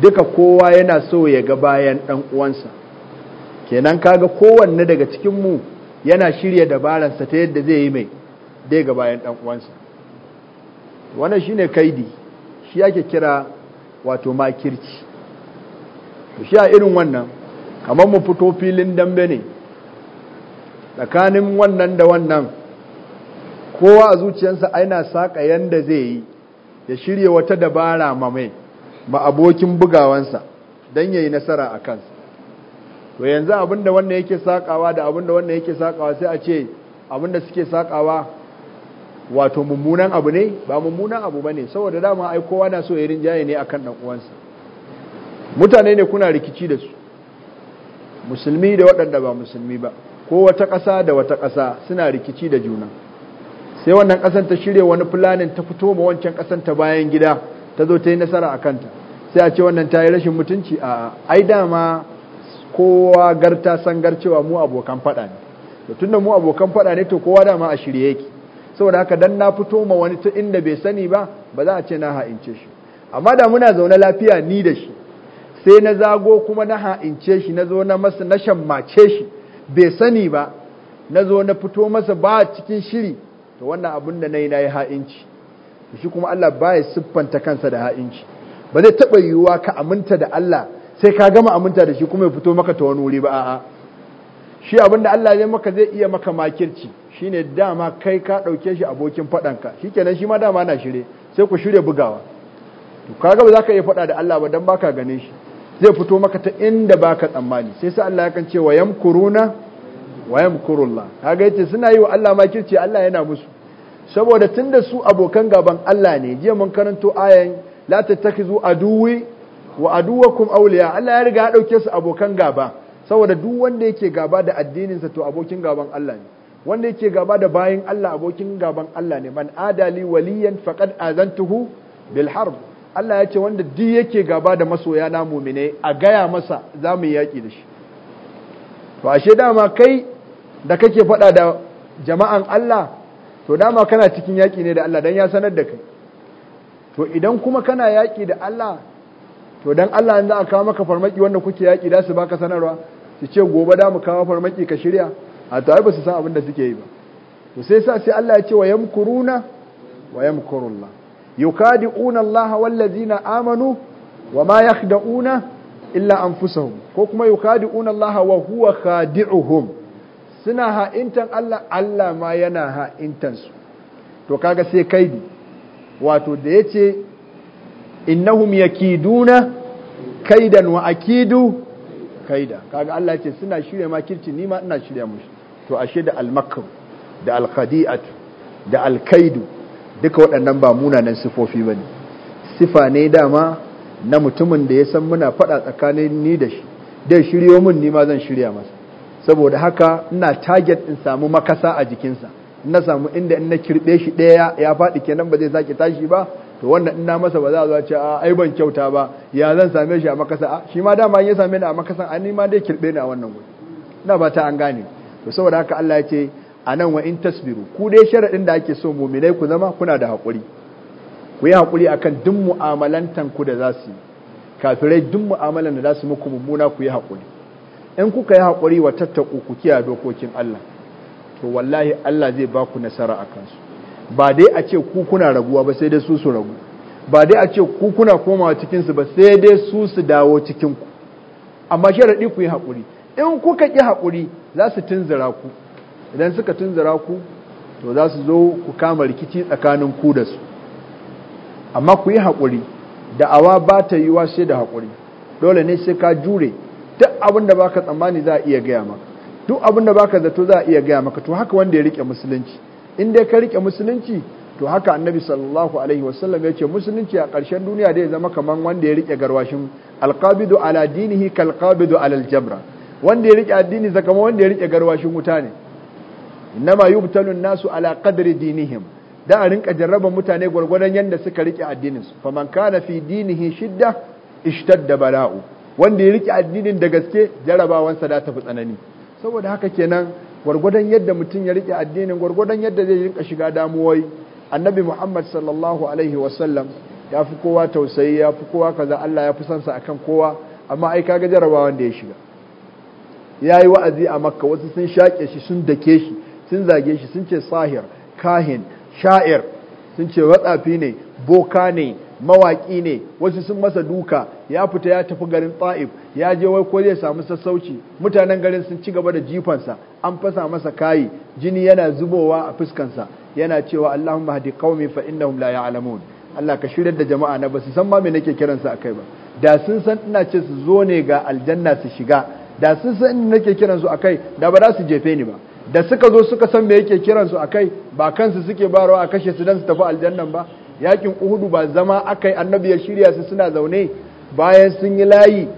duka kowa yana so ya ga bayan ɗan uwansa kenan kaga kowanne daga cikinmu yana shirya dabararsa ta yadda zai yi mai dai ga bayan ɗan uwansa wannan shine kaidi shi yake kira wato makirci shi a irin wannan kamar mu fito filin dambe ne tsakanin wannan da wannan kowa a zuciyarsa aina saƙa yadda zai yi ya shirya wata dabara mamai ma abokin bugawansa don ya yi nasara a kansa to yanzu abinda wannan yake sakawa da abinda wannan yake sakawa sai a ce abinda suke sakawa wato mummunan abu ne ba mummunan abu ba ne saboda dama ai kowa na so irin rinjaye ne akan ɗan uwansa mutane ne kuna rikici da su musulmi da waɗanda ba musulmi ba ko wata ƙasa da wata ƙasa suna rikici da juna sai wannan ƙasan ta shirya wani fulanin ta fito ma wancan ƙasan ta bayan gida ta zo ta yi nasara a kanta sai a ce wannan ta yi rashin mutunci a ai dama kowa garta san cewa mu abokan faɗa ne Da tunda mu abokan faɗa ne to kowa dama a shirye yake saboda haka dan na fito ma wani ta inda bai sani ba ba za a ce na ha'ince shi amma da muna zaune lafiya ni da shi sai na zago kuma na ha'ince shi na zo na masa na shammace shi bai sani ba na zo na fito masa ba cikin shiri to wannan abin da na yi na yi ha'inci shi kuma Allah ba ya siffanta kansa da ha'inci ba zai taɓa yiwuwa ka aminta da Allah sai ka gama aminta da shi kuma ya fito maka ta wani wuri ba a'a shi abin da Allah zai maka zai iya maka makirci shine dama kai ka ɗauke shi abokin faɗanka shikenan shi ma dama na shirye sai ku shirya bugawa to kaga ba za ka iya faɗa da Allah ba ba baka ganin shi zai fito maka ta inda baka tsammani sai su Allah ya kan ce wa kuruna wa yamkurullah kaga yace suna yi wa Allah ma makirci Allah yana musu saboda tunda su abokan gaban Allah ne jiya mun karanto ayan la tattakizu aduwi wa aduwakum awliya Allah ya riga ya dauke su abokan gaba saboda duk wanda yake gaba da addinin sa to abokin gaban Allah ne wanda yake gaba da bayin Allah abokin gaban Allah ne man adali waliyan faqad azantuhu bil harb Allah ya ce wanda di yake gaba da masoya na mumine a gaya masa za mu yi yaƙi da shi to ashe dama kai da kake faɗa da jama'an Allah to dama kana cikin yaƙi ne da Allah don ya sanar da kai to idan kuma kana yaƙi da Allah to don Allah yanzu a kawo maka farmaki wanda kuke yaƙi da su baka sanarwa su ce gobe da mu kawo farmaki ka shirya a tare ba su san abin da suke yi ba to sai sa sai Allah ya ce wa yamkuruna wa yamkurullah yukadi'una Allah wallazina amanu wama yakhda'una illa anfusahum ko kuma yukadi'una Allah wa huwa khadi'uhum suna ha'intan Allah Allah ma yana ha'intan su to kaga sai kaidi wato da yace innahum yakiduna kaidan wa akidu kaida kaga Allah yace suna shirya makirci nima ina shirya mushi to ashe da al da al da al duka waɗannan ba munanan sifofi ba ne sifa ne dama na mutumin da ya san muna faɗa tsakanin ni da shi dai shiryo min ni ma zan shirya masa saboda haka ina target in samu makasa a jikinsa na samu inda in na kirɓe shi daya ya faɗi kenan ba zai sake tashi ba to wannan ina masa ba za a zo ce a ai ban kyauta ba ya zan same shi a makasa a shi ma dama ya same ni a makasan a ni ma dai kirɓe ni a wannan gudu ina ba ta an gane to saboda haka Allah ya ce a nan wa in tasbiru ku dai sharaɗin da ake so muminai ku zama kuna da hakuri ku yi haƙuri akan duk mu'amalantan ku da za su yi kafirai duk mu'amalan da za muku mummuna ku yi haƙuri in kuka yi hakuri wa tattaku ku kiya dokokin Allah to wallahi Allah zai baku nasara a kansu ba dai a ce ku kuna raguwa ba sai dai su su ragu ba dai a ce ku kuna komawa cikin su ba sai dai su su dawo cikin ku amma sharaɗi ku yi haƙuri in kuka ki hakuri za su tunzura ku idan suka tunzura ku to za su zo ku kama rikici tsakanin ku da su amma ku yi haƙuri awa ba ta yi wa sai da haƙuri dole ne sai ka jure duk abin da baka tsammani za a iya gaya maka duk abin da baka zato za a iya gaya maka to haka wanda ya rike musulunci in dai ka rike musulunci to haka annabi sallallahu alaihi wasallam ya ce musulunci a ƙarshen duniya dai zama kaman wanda ya rike garwashin alqabidu ala dinihi kalqabidu ala aljabra wanda ya rike addini zakama wanda ya rike garwashin wuta ne innama yubtalu nasu ala qadri dinihim da a rinka jarraba mutane gwargwadon yanda suka rike addinin su faman kana fi dinihi shidda ishtadda bala'u wanda ya rike addinin da gaske sa da ta fi tsanani saboda haka kenan gwargwadon yadda mutum ya rike addinin gurgurdan yadda zai rinka shiga damuwoyi annabi muhammad sallallahu alaihi wasallam ya fi kowa tausayi ya fi kowa kaza allah ya fi san sa akan kowa amma ai kaga jarabawan da ya shiga yayi wa'azi a makka wasu sun shake shi sun dake shi sun zage shi sun ce sahir kahin sha'ir sun ce watsafi ne boka ne mawaƙi ne wasu sun masa duka ya fita ya tafi garin ta'if ya je wai ko zai samu sassauci mutanen garin sun ci gaba da jifansa an fasa masa kayi jini yana zubowa a fuskansa yana cewa Allahumma hadi qaumi fa innahum la ya'lamun Allah ka shirar da jama'a na basu san ma me nake kiransa akai ba da sun san ina ce su zo ne ga aljanna su shiga da sun san ina nake kiransu akai da ba za su jefe ni ba da suka zo suka san me yake kiransu a kai ba kansu suke barawa a kashe su don su tafi aljanna ba yakin uhudu ba zama akai annabi ya shirya su suna zaune bayan sun yi layi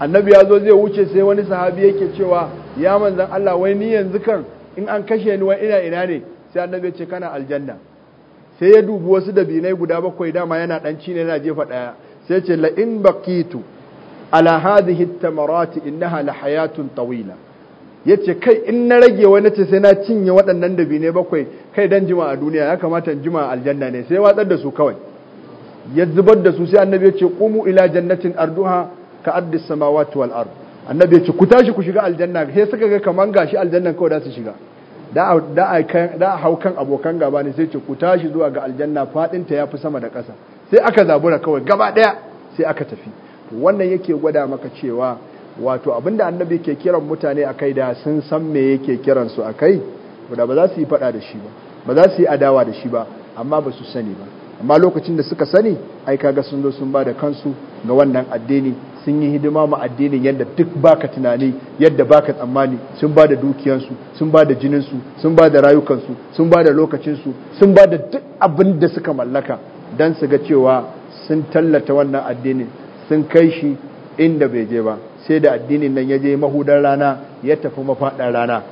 annabi ya zo zai wuce sai wani sahabi yake cewa ya manzan Allah wai ni yanzu kan in an kashe ni wai ina ina ne sai annabi ya ce kana aljanna sai ya dubi wasu da dabinai guda bakwai dama yana dan ci ne yana jefa daya sai ya ce la in baqitu ala hadhihi at-tamarati innaha la hayatun tawila ya ce kai in na rage wani ce sai na cinye waɗannan da ne bakwai kai dan jima a duniya ya kamata jima aljanna ne sai watsar da su kawai ya zubar da su sai annabi ya ce ƙumu ila jannatin arduha ka addis samawati wal ard annabi ya ce ku tashi ku shiga aljanna sai suka ga kaman gashi aljannan kawai da su shiga da a hau kan abokan gaba ne sai ce ku tashi zuwa ga aljanna fadin ta fi sama da ƙasa sai aka zabura kawai gaba daya sai aka tafi wannan yake gwada maka cewa wato abinda annabi ke kiran mutane akai da sun san me yake kiran su kai da ba za su yi fada da shi ba ba za su yi adawa da shi ba amma ba su sani ba amma lokacin da suka sani ai kaga sun zo sun ba da kansu ga wannan addini sun yi hidima ma addinin yadda duk baka tunani yadda baka tsammani sun ba da dukiyansu sun ba da jininsu sun ba da rayukansu sun ba da lokacinsu sun ba da duk abin da suka mallaka don su ga cewa sun tallata wannan addinin sun kai shi inda bai je ba sai da addinin nan ya je mahudan rana ya tafi mafaɗar rana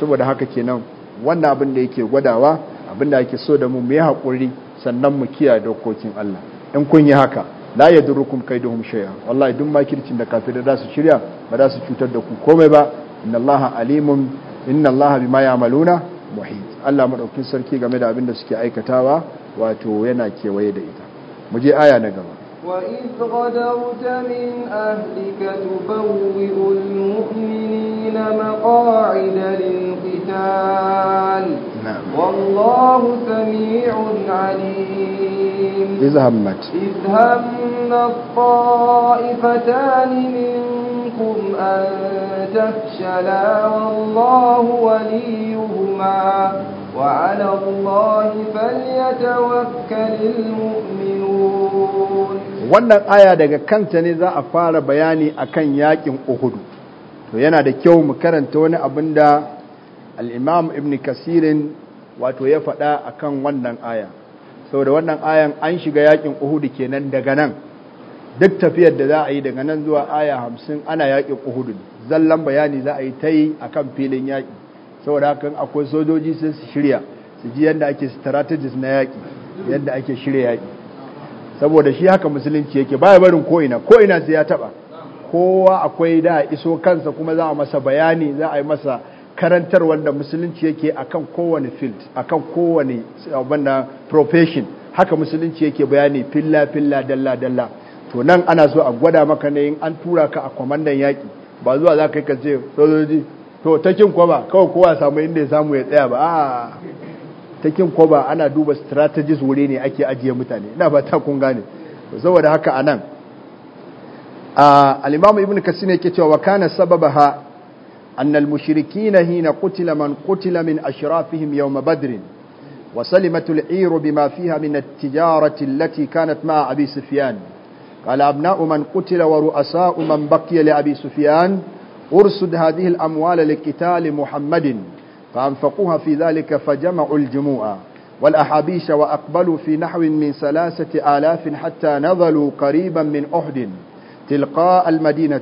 saboda haka kenan wannan abin da yake gwadawa abin da ake so da mu mu yi haƙuri sannan mu kiyaye dokokin Allah in kun yi haka la yadurukum kaiduhum shay'a wallahi duk makircin da kafirai za su shirya ba za su cutar da ku komai ba inna Allah alimun inna Allah bima ya'maluna muhit Allah madaukin sarki game da abin da suke aikatawa wato yana kewaye da ita mu je aya na gaba وإذ غدوت من أهلك تبوئ المؤمنين مقاعد للقتال نعم. والله سميع عليم إذ همت إذ هم الطائفتان منكم أن تفشلا والله وليهما وعلى الله فليتوكل المؤمنون wannan aya daga kanta ne za a fara bayani akan yakin uhudu to yana da kyau mu karanta wani abin da al'imam ibn kasirin wato ya faɗa akan wannan aya saboda wannan ayan an shiga yakin uhudu kenan daga nan duk tafiyar da za a yi daga nan zuwa aya hamsin ana yakin uhudu zallan bayani za a yi ta yi a filin yaƙi saboda hakan akwai sojoji sun su shirya su ji yadda ake strategies na yaƙi yadda ake shirya yaki. saboda shi haka musulunci yake baya barin koina koina sai ya taba kowa akwai da iso kansa kuma za a masa bayani za a yi masa karantar wanda musulunci yake akan kowane field akan kowane abinda profession haka musulunci yake bayani filla filla dalla dalla to nan ana so a gwada maka ne in an tura ka a kwamandan yaki ba zuwa za ka yi ka sojoji to ta kin kwa ba kawai kowa samu inda ya samu ya tsaya ba a'a ta kin kwaba ana duba strategies wuri ne ake ajiye mutane ina ba ta kun gane saboda haka anan al-imam ibn kasir yake cewa kana sababaha أن المشركين هنا قتل من قتل من أشرافهم يوم بدر وسلمت العير بما فيها من التجارة التي كانت مع أبي سفيان قال أبناء من قتل ورؤساء من بقي لأبي سفيان أرسد هذه الأموال لقتال محمد فأنفقوها في ذلك فجمعوا الجموع والأحابيش وأقبلوا في نحو من ثلاثة آلاف حتى نظلوا قريبا من أحد تلقاء المدينة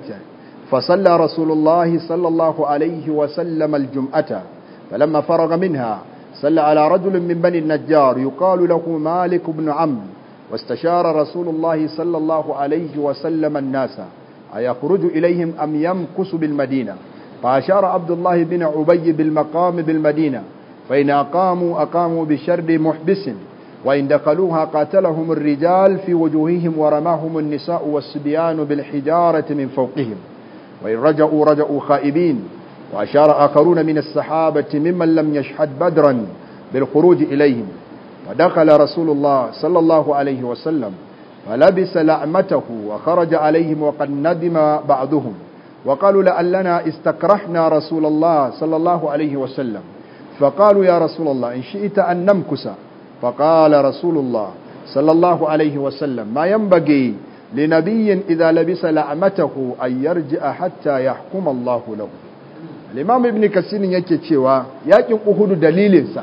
فصلى رسول الله صلى الله عليه وسلم الجمعة فلما فرغ منها صلى على رجل من بني النجار يقال له مالك بن عم واستشار رسول الله صلى الله عليه وسلم الناس أيخرج إليهم أم يمكس بالمدينة فأشار عبد الله بن عبي بالمقام بالمدينة فإن أقاموا أقاموا بشر محبس وإن دخلوها قاتلهم الرجال في وجوههم ورماهم النساء والصبيان بالحجارة من فوقهم وإن رجعوا رجعوا خائبين وأشار آخرون من الصحابة ممن لم يشهد بدرا بالخروج إليهم فدخل رسول الله صلى الله عليه وسلم فلبس لعمته وخرج عليهم وقد ندم بعضهم وقالوا لعلنا استكرهنا رسول الله صلى الله عليه وسلم فقالوا يا رسول الله إن شئت أن نمكس فقال رسول الله صلى الله عليه وسلم ما ينبغي لنبي إذا لبس لعمته أن يرجع حتى يحكم الله له الإمام ابن كثير yake cewa yakin Uhud dalilinsa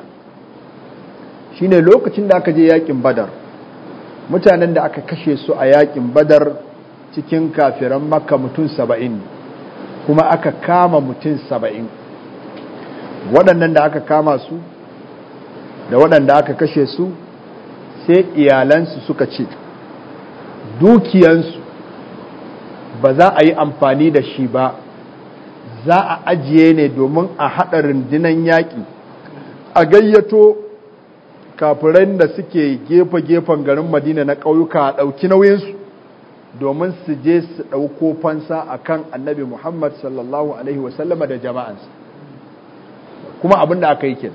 shine lokacin da aka je yakin Badar mutanen da aka kashe su a yakin Badar cikin kafiran Makka mutum 70 kuma aka kama mutum saba'in waɗannan da aka kama su da waɗanda aka kashe su sai iyalansu suka ce dukiyansu ba za a yi amfani da shi ba za a ajiye ne domin a haɗa rundunan yaƙi a gayyato kafiran da suke gefe-gefen garin madina na ƙauyuka a ɗauki nauyinsu domin su je su ɗauko fansa a kan annabi Muhammad sallallahu Alaihi wasallama da jama'ansa kuma abin da aka yi kin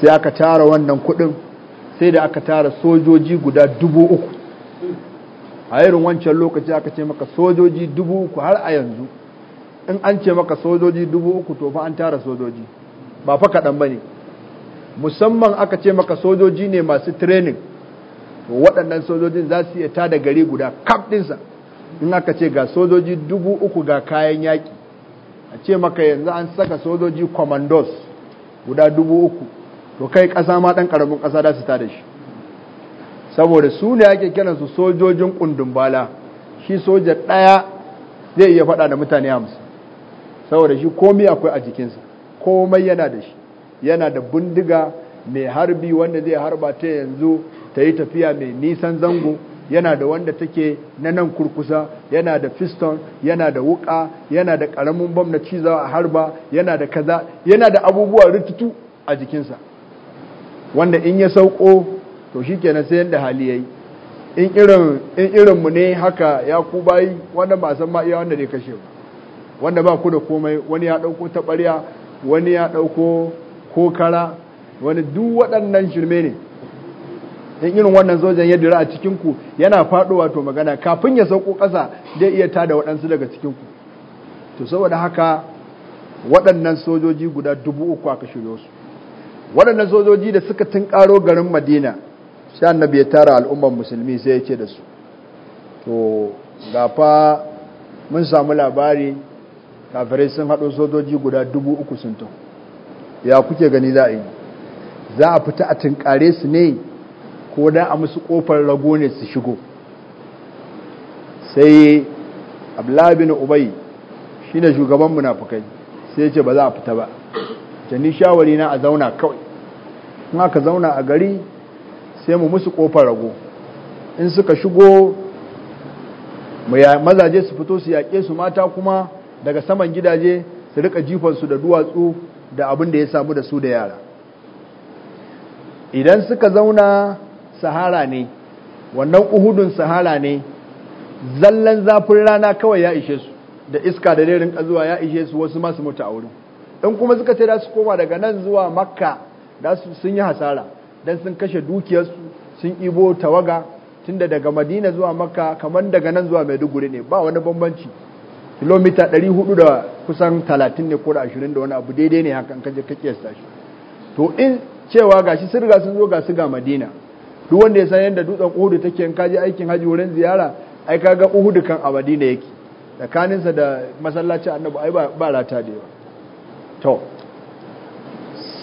sai aka tara wannan kuɗin sai da aka tara sojoji guda dubu uku a irin wancan lokaci aka ce maka sojoji dubu uku har a yanzu in an ce maka sojoji dubu uku to fa an tara sojoji ba fa kaɗan ba ne musamman aka ce maka sojoji ne masu training to waɗannan sojojin za su iya tada gari guda kaf ɗinsa in aka ce ga sojoji dubu uku ga kayan yaƙi a ce maka yanzu an saka sojoji commandos guda dubu uku to kai ƙasa ma ɗan ƙaramin ƙasa za su ta da shi saboda su ne ake kiran su sojojin ƙundun bala shi soja ɗaya zai iya faɗa da mutane hamsin saboda shi komai akwai a jikinsa komai yana da shi yana da bindiga mai harbi wanda zai harba ta yanzu ta yi tafiya mai nisan zango yana da wanda take na nan kurkusa yana da fiston yana da wuka yana da karamin bam na cizawa a harba yana da kaza yana da abubuwa rututu a jikinsa wanda in ya sauko to shi kenan sai yadda hali ya yi in irinmu ne haka ya ku bayi wanda ba san ma iya wanda dai kashe ba wanda ba ku da komai wani ya ɗauko taɓarya wani ya ɗauko kokara wani duk waɗannan shirme ne in irin wannan zojan ya dira a cikinku yana faɗowa to magana kafin ya sauko ƙasa zai iya tada waɗansu daga cikin ku to saboda haka waɗannan sojoji guda dubu uku aka shirya su waɗannan sojoji da suka tunƙaro garin madina sai annabi ya tara al'ummar musulmi sai ya ce da su to ga fa mun samu labari kafirai sun haɗo sojoji guda dubu uku sun ta ya kuke gani za a yi za a fita a tunƙare su ne ko dan a musu kofar rago ne su shigo sai abdullahi bin ubay shine shugaban munafikai sai ce ba za a fita ba tani shawari na a zauna kawai in aka zauna a gari sai mu musu ƙofar rago in suka shigo mazaje su fito su yaƙe su mata kuma daga saman gidaje su rika jifansu da duwatsu da abin da ya samu da su da yara idan suka zauna sahara ne wannan uhudun sahara ne zallan zafin rana kawai ya ishe su da iska da rerin zuwa ya ishe su wasu masu mutu a wurin in kuma suka ce da su koma daga nan zuwa makka da su sun yi hasara don sun kashe dukiyarsu sun ibo tawaga tunda daga madina zuwa makka kamar daga nan zuwa maiduguri ne ba wani bambanci kilomita 400 da kusan 30 ne ko da 20 da wani abu daidai ne hakan kaje ka kiyasta shi to in cewa gashi sun riga sun zo ga su ga madina duk wanda ya san yadda dutsen uhudu take in kaji aikin haji wurin ziyara ai kaga uhudu kan a madina yake tsakaninsa da masallaci annabi ai ba rata da yawa to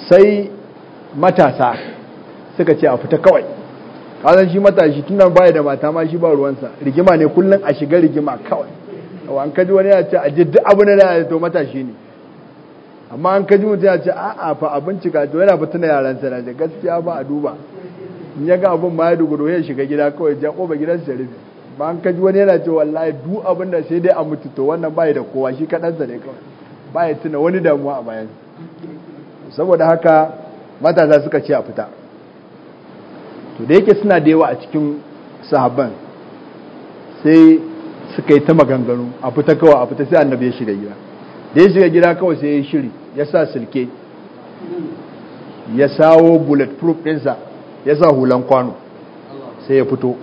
sai matasa suka ce a fita kawai kazan shi matashi tunan baya da mata ma shi ba ruwansa rigima ne kullum a shiga rigima kawai an kaji wani ya ce a ji duk abu na da to matashi ne amma an kaji mutum ya ce a'a fa abinci cika to yana fitina yaran sa da gaskiya ba a duba in ya ga abin ma ya dogoro ya shiga gida kawai ja ƙofa gidan sa rufe ba an kaji wani yana ce wallahi du abin da sai dai a mutu to wannan bai da kowa shi kaɗan sa ne kawai ba ya tuna wani damuwa a bayan saboda haka matasa suka ce a fita to da yake suna da yawa a cikin sahabban sai suka yi ta maganganu a fita kawai a fita sai annabi ya shiga gida da ya shiga gida kawai sai ya shiri ya sa silke ya sawo bulletproof ɗinsa ya sa hulan kwano sai ya fito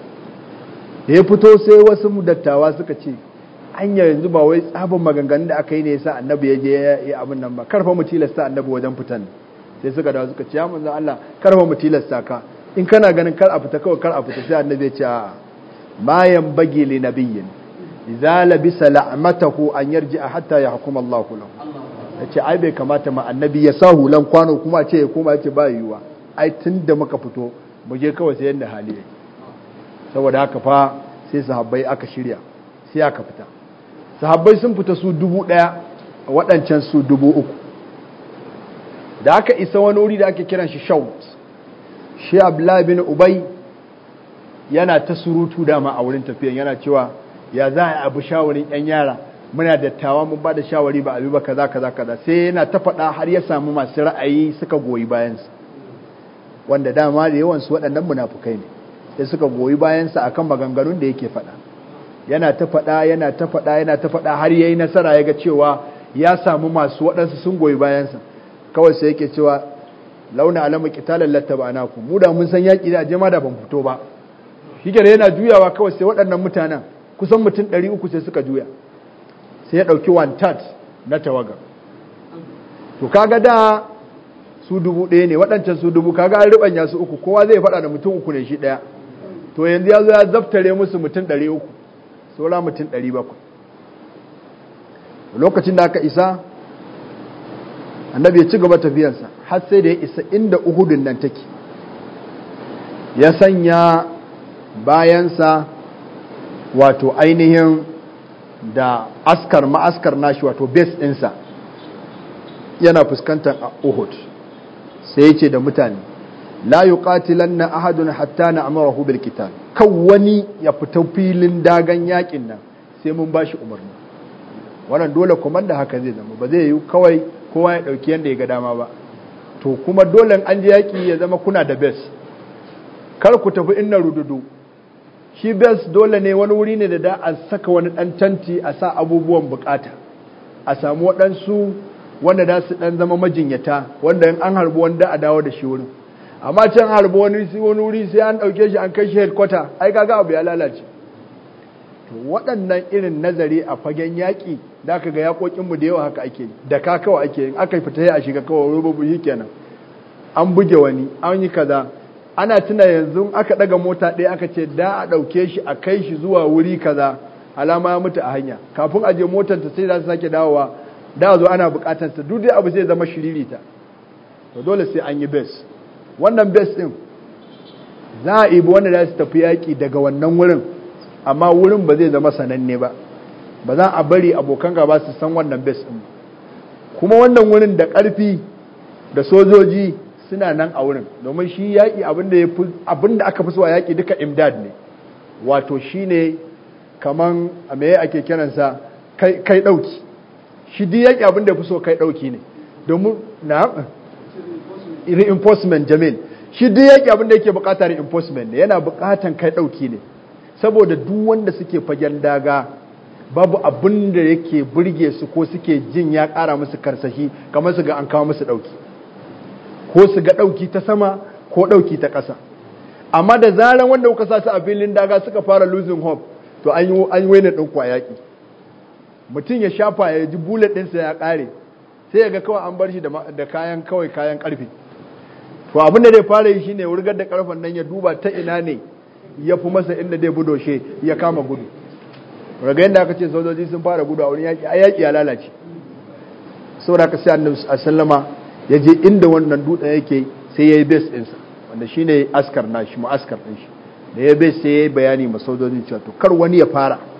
ya fito sai wasu dattawa suka ce an yanzu ba wai tsabin maganganu da aka yi ne yasa annabi ya je ya yi abin nan ba karfa mu tilasta annabi wajen fitan sai suka dawo suka ce ya manzo Allah karfa mu tilasta ka in kana ganin kar a fita kawai kar a fita sai annabi ya ce a ma yanbaghi li nabiyyin idza labisa la'matahu an yarji'a hatta yahkuma Allahu lahu yace ai bai kamata ma annabi ya sa hulan kwano kuma ce ya koma yace ba yiwuwa. ai tun da muka fito mu je kawai sai yanda hali yake saboda haka fa sai sahabbai aka shirya sai aka fita sahabbai sun fita su dubu ɗaya waɗancan su dubu uku da aka isa wani wuri da ake kiran shi shaut shi abdullahi bin ubai yana ta surutu dama a wurin tafiyan yana cewa ya za a abu shawarin yan yara muna dattawa mu ba da shawari ba abi ba kaza kaza kaza sai yana ta faɗa har ya samu masu ra'ayi suka goyi bayansa wanda dama da yawansu waɗannan munafukai ne sai suka goyi bayansa akan maganganun da yake faɗa yana ta faɗa yana ta faɗa yana ta faɗa har yayi nasara ya ga cewa ya samu masu waɗansu sun goyi bayansa kawai sai yake cewa launa alama qitalan lattaba'nakum mu da mun san yaki da jama'a da ban fito ba Shikare yana juyawa kawai sai waɗannan mutanen kusan mutum 300 sai suka juya sai ya ɗauki wantat na tawaga to kaga da su dubu ɗaya ne waɗancan su dubu kaga an ya su uku kowa zai faɗa da mutum uku ne shi ɗaya to yanzu ya zo ya zaftare musu mutum ɗari uku saura mutum ɗari bakwai lokacin da aka isa annabi ya ci gaba tafiyarsa har sai da ya isa inda uhudun nan take ya sanya bayansa wato ainihin da askar ma'askar nashi wato base ɗinsa yana fuskantar a uhud sai yace da mutane la yuqatilanna ahadun hatta na'murahu bil qital kan wani ya fita filin dagan yakin nan sai mun bashi umarni wannan dole da haka zai zama ba zai yi kawai kowa ya ɗauki yanda ya ga dama ba to kuma dole an ji yaki ya zama kuna da bes kar ku tafi inna rududu shi bes dole ne wani wuri ne da da a saka wani ɗan tanti a sa abubuwan bukata a samu waɗansu wanda da su dan zama majinyata wanda an harbi wanda a dawo da shi wurin amma can harbi wani wani wuri sai an dauke shi an kai shi headquarter ai kaga abu ya lalace to waɗannan irin nazari a fagen yaki da ka ga yaƙoƙin mu da yawa haka ake da ka kawai ake in aka fita a shiga kawai robobu kenan an buge wani an yi kaza ana tuna yanzu aka daga mota ɗaya aka ce da a ɗauke shi a kai shi zuwa wuri kaza alama ya mutu a hanya kafin a je motar ta sai za su sake dawowa da zo ana bukatar ta duk abu zai zama shiririta to dole sai an yi base wannan base din za a ibi wanda za su tafi yaƙi daga wannan wurin amma wurin ba zai zama sananne ba ba za a bari abokan gaba su san wannan base din kuma wannan wurin da ƙarfi da sojoji suna nan a wurin domin shi yaƙi abinda aka fi suwa yaƙi duka imdad ne wato shine kaman me ake kiransa kai ɗauki shi duk yaƙi abin da ya fi so kai ɗauki ne domin na reinforcement jamil shi duk yaƙi abin da yake bukata reinforcement ne yana bukatan kai ɗauki ne saboda duk wanda suke fagen daga babu abin da yake burge su ko suke jin ya ƙara musu karsashi kamar su ga an kawo musu ɗauki ko su ga ɗauki ta sama ko ɗauki ta ƙasa amma da zaran wanda kuka sa su a filin daga suka fara losing hope to an yi wani ɗin yaƙi mutum ya shafa ya ji bullet ɗinsa ya kare sai ya ga kawai an bar shi da kayan kawai kayan karfe to abin da zai fara yi shine wurgar da ƙarfen nan ya duba ta ina ne ya fi masa inda zai budoshe ya kama gudu raga yadda aka ce sojoji sun fara gudu a wurin yaƙi a yaƙi ya lalace saboda ka sai annabi sallama ya je inda wannan dutsen yake sai ya yi base dinsa wanda shine askar nashi mu askar ɗin shi da ya base sai ya yi bayani ma sojojin cewa to kar wani ya fara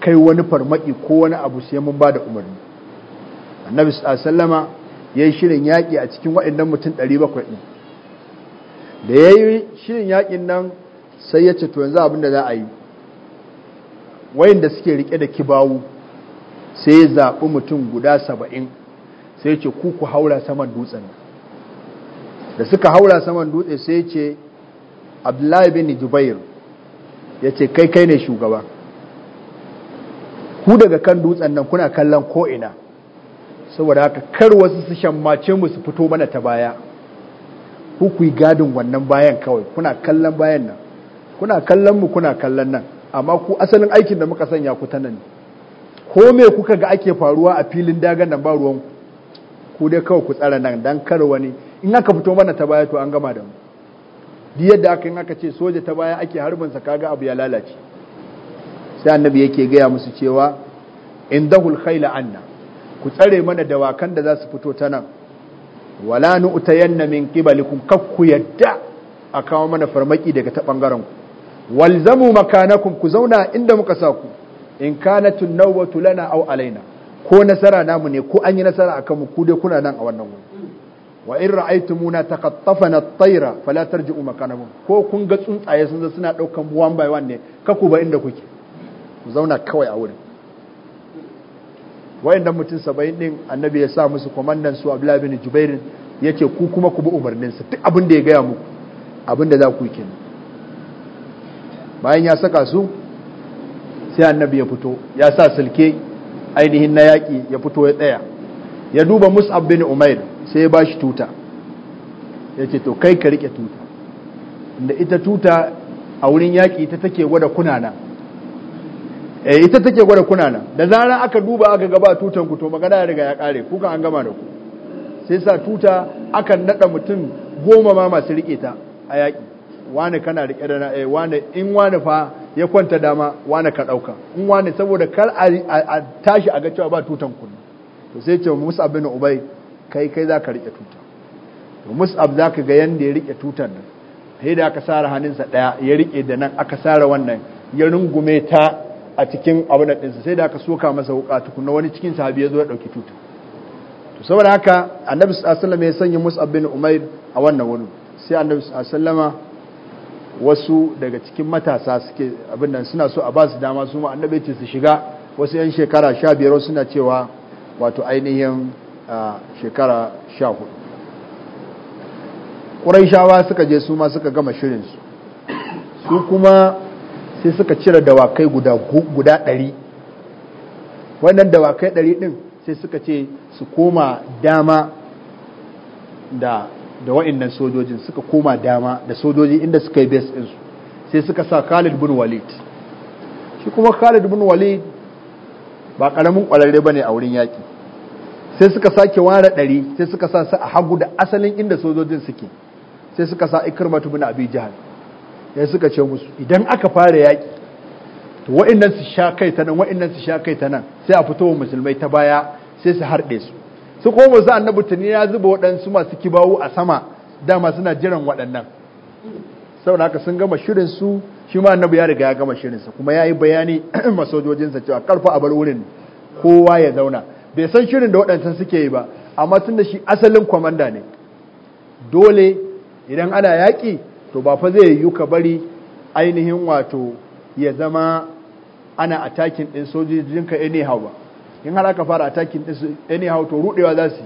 kai wani farmaki ko wani abu sai mun ba da umarni annabi sallama ya yi shirin yaƙi a cikin waɗannan mutum 700 ne. da ya shirin yaƙin nan sai ya ce to yanzu abin da za a yi wayanda suke rike da kibawu sai ya zaɓi mutum guda saba'in sai ce ku ku haura saman dutsen da suka haura saman dutse sai ce abdullahi bin jubair ya ce kai kai ne shugaba ku daga kan dutsen nan kuna kallon ko ina saboda haka kar wasu su shammace mu su fito mana ta baya ku ku yi gadin wannan bayan kawai kuna kallon bayan nan kuna kallon mu kuna kallon nan amma ku asalin aikin da muka sanya ku ta nan ko me kuka ga ake faruwa a filin dagan nan ba ruwan ku dai kawai ku tsara nan dan kar wani in aka fito mana ta baya to an gama da mu duk yadda aka yi aka ce soja ta baya ake harbin sa kaga abu ya lalace sai annabi yake gaya musu cewa In dahul khaila anna ku tsare mana dawakan da za su fito ta nan wala utayanna min qibalikum kakku yadda a kawo mana farmaki daga ta bangaren ku walzamu makanakum ku zauna inda muka sa ku in kanatun nawwatu lana aw alaina ko nasara namu ne ko an yi nasara akan mu ku dai kuna nan a wannan wuri wa in ra'aytumuna taqattafana at-tayra fala tarji'u makanakum ko kun ga tsuntsaye sun zo suna daukan buwan by ne kaku ba inda kuke ku zauna kawai a wurin wayannan mutum saba'in din annabi ya sa musu kwamandan su abdullahi bin Jubair yake ku kuma ku bi sa duk abin da ya gaya muku abin da za ku yi kenan bayan ya saka su sai annabi ya fito ya sa silke ainihin na yaki ya fito ya tsaya ya duba mus'ab bin umair sai ya bashi shi tuta yace to kai ka rike tuta da ita tuta a wurin yaki ta take gwada kunana eh ita take gwada kuna nan da zarar aka duba aka ga ba tutan ku to magana ya riga ya kare kuka an gama da ku sai sa tuta aka nada mutum goma ma masu rike ta a yaki wani kana rike da eh wani in wani fa ya kwanta dama wani ka dauka in wani saboda kar a tashi a ga cewa ba tutan ku to sai ce Musa bin Ubay kai kai za ka rike tuta to Mus'ab za ka ga yanda ya rike tutan nan sai da aka sara hannunsa daya ya rike da nan aka sara wannan ya rungume ta a cikin abin ɗinsa sai da aka soka masa wuka tukuna wani cikin sahabi ya zo ya ɗauki tuta to saboda haka annabi sallallahu ya sanya mus'ab bin umair a wannan wani sai annabi sallallahu wasu daga cikin matasa suke abin nan suna so a ba su dama su ma annabi ce su shiga wasu yan shekara sha suna cewa wato ainihin shekara sha hudu suka je su ma suka gama shirin su su kuma sai suka cire dawakai guda guda ɗari wannan dawakai ɗari ɗin sai suka ce su koma dama da da wa'annan sojojin suka koma dama da sojoji inda suka yi base ɗinsu sai suka sa khalid bin walid shi kuma khalid bin walid ba ƙaramin ƙwararre ba ne a wurin yaƙi sai suka sake ware ɗari sai suka sa su a hagu da asalin inda sojojin suke sai suka sa ikirmatu bin abi jihar ya suka ce musu idan aka fara yaƙi to wa'annan su sha kai ta nan wa'annan su sha kai ta nan sai a fito musulmai ta baya sai su harɗe su su koma su annabi tuni ya zuba waɗansu masu kibawu a sama dama suna jiran waɗannan saboda haka sun gama shirin su shi ma annabi ya riga ya gama shirin sa kuma yayi bayani masojojin sojojinsa cewa karfa a bar wurin kowa ya zauna bai san shirin da waɗancan suke yi ba amma tun shi asalin kwamanda ne dole idan ana yaƙi to ba fa zai yi ka bari ainihin wato ya zama ana attacking din sojojinka anyhow ba in har aka fara attacking din anyhow to rudewa za su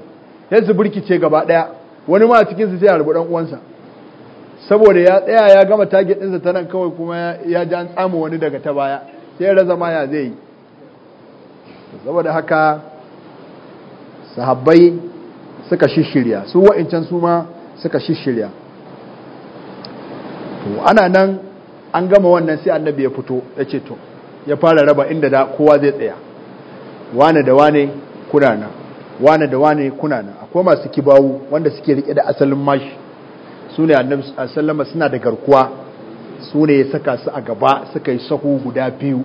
sai su burkice gaba daya wani ma cikin su sai ya rubu dan uwansa saboda ya tsaya ya gama target ɗinsa ta nan kawai kuma ya ja an tsamu wani daga ta baya sai raza zama ya zai yi saboda haka sahabbai suka shishirya su wa'incan su ma suka shishirya to ana nan an gama wannan sai annabi ya fito ya ce to ya fara raba inda da kowa zai tsaya wane da wane kuna nan wane da wane kuna nan akwai masu kibawu wanda suke rike da asalin mashi su ne annabi sallama suna da garkuwa su ne ya saka su a gaba suka yi sahu guda biyu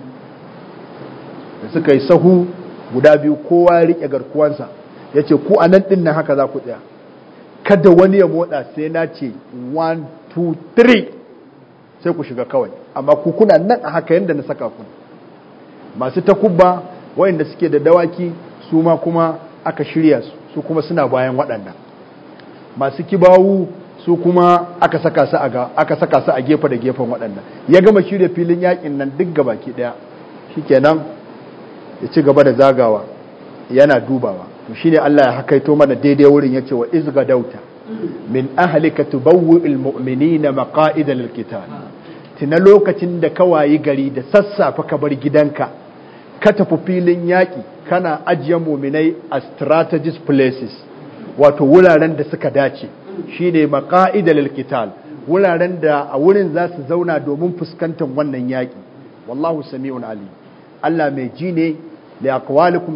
da suka yi sahu guda biyu kowa ya rike garkuwansa ya ce ku a nan ɗin nan haka za ku tsaya kada wani ya motsa sai na ce 1 2 3 sai ku shiga kawai amma ku kuna nan a haka yadda na saka ku masu takubba wayanda suke da dawaki su ma kuma aka shirya su su kuma suna bayan waɗannan masu kibawu su kuma aka saka su a gefe da gefen waɗannan ya gama shirya filin yakin nan duk gabaki ke shikenan ya ci gaba da zagawa yana dubawa to shine Allah ya hakaito mana daidai wurin yace wa izga dauta min ka tubawwi'u almu'minina maqa'ida lilqital tina lokacin da ka wayi gari da sassafe ka bar gidanka ka tafi filin yaƙi kana ajiye muminai a strategic places wato wuraren da suka dace shine maqa'ida lilqital wuraren da a wurin za su zauna domin fuskantar wannan yaƙi wallahu sami'un ali Allah mai ji ne da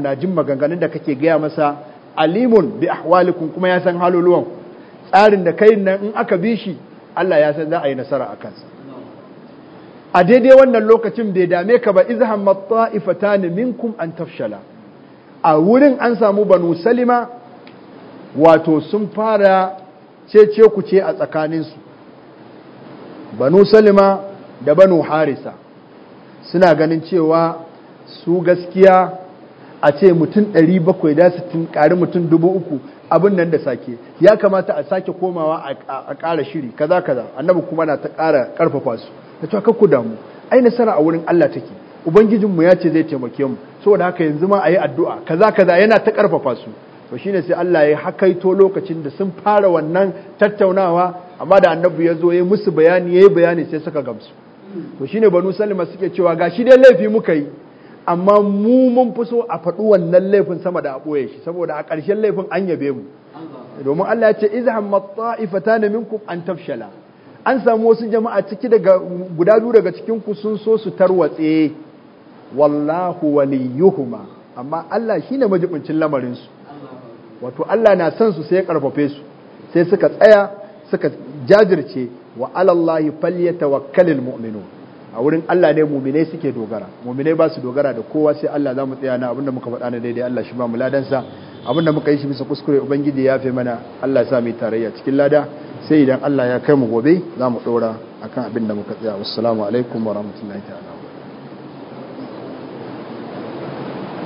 na jin maganganun da kake gaya masa alimun bi ahwalikum kuma ya san haloluwan tsarin da kai nan in aka bi shi Allah ya san za a yi nasara a kansa a daidai wannan lokacin bai dame ka ba izhan mata'ifatan minkum an tafshala a wurin an samu banu salima wato sun fara cece ku ce a tsakaninsu banu salima da banu harisa suna ganin cewa su gaskiya a ce mutum 760 kari mutum 3000 abin nan da sake ya kamata a sake komawa a ƙara shiri kaza kaza annabi kuma na ta ƙara ƙarfafa su da ta kakku damu ai nasara a wurin Allah take ubangijinmu ya ce zai taimake mu saboda haka yanzu ma a yi addu'a kaza kaza yana ta ƙarfafa su to shine sai Allah ya hakaito lokacin da sun fara wannan tattaunawa amma da annabi ya zo ya musu bayani ya yi bayani sai suka gamsu to shine banu salima suke cewa gashi dai laifi muka yi amma mu mun fi so a faɗi wannan laifin sama da a ɓoye shi saboda a ƙarshen laifin an yabe mu domin Allah ya ce izham mata'ifata na minkum an tafshala an samu wasu jama'a ciki daga guda biyu daga cikin ku sun so su tarwatse wallahu waliyuhuma amma Allah shine majibincin lamarin su wato Allah na son su sai ya karfafe su sai suka tsaya suka jajirce wa alallahi falyatawakkalul mu'minun a wurin Allah ne muminai suke dogara muminai ba su dogara da kowa sai Allah za mu tsaya na abinda muka faɗa na daidai Allah shi ba mu ladansa abinda muka yi shi bisa kuskure ubangiji ya fi mana Allah sa mu tarayya cikin lada sai idan Allah ya kai mu gobe za mu ɗora akan abinda muka tsaya wassalamu alaikum wa rahmatullahi ta'ala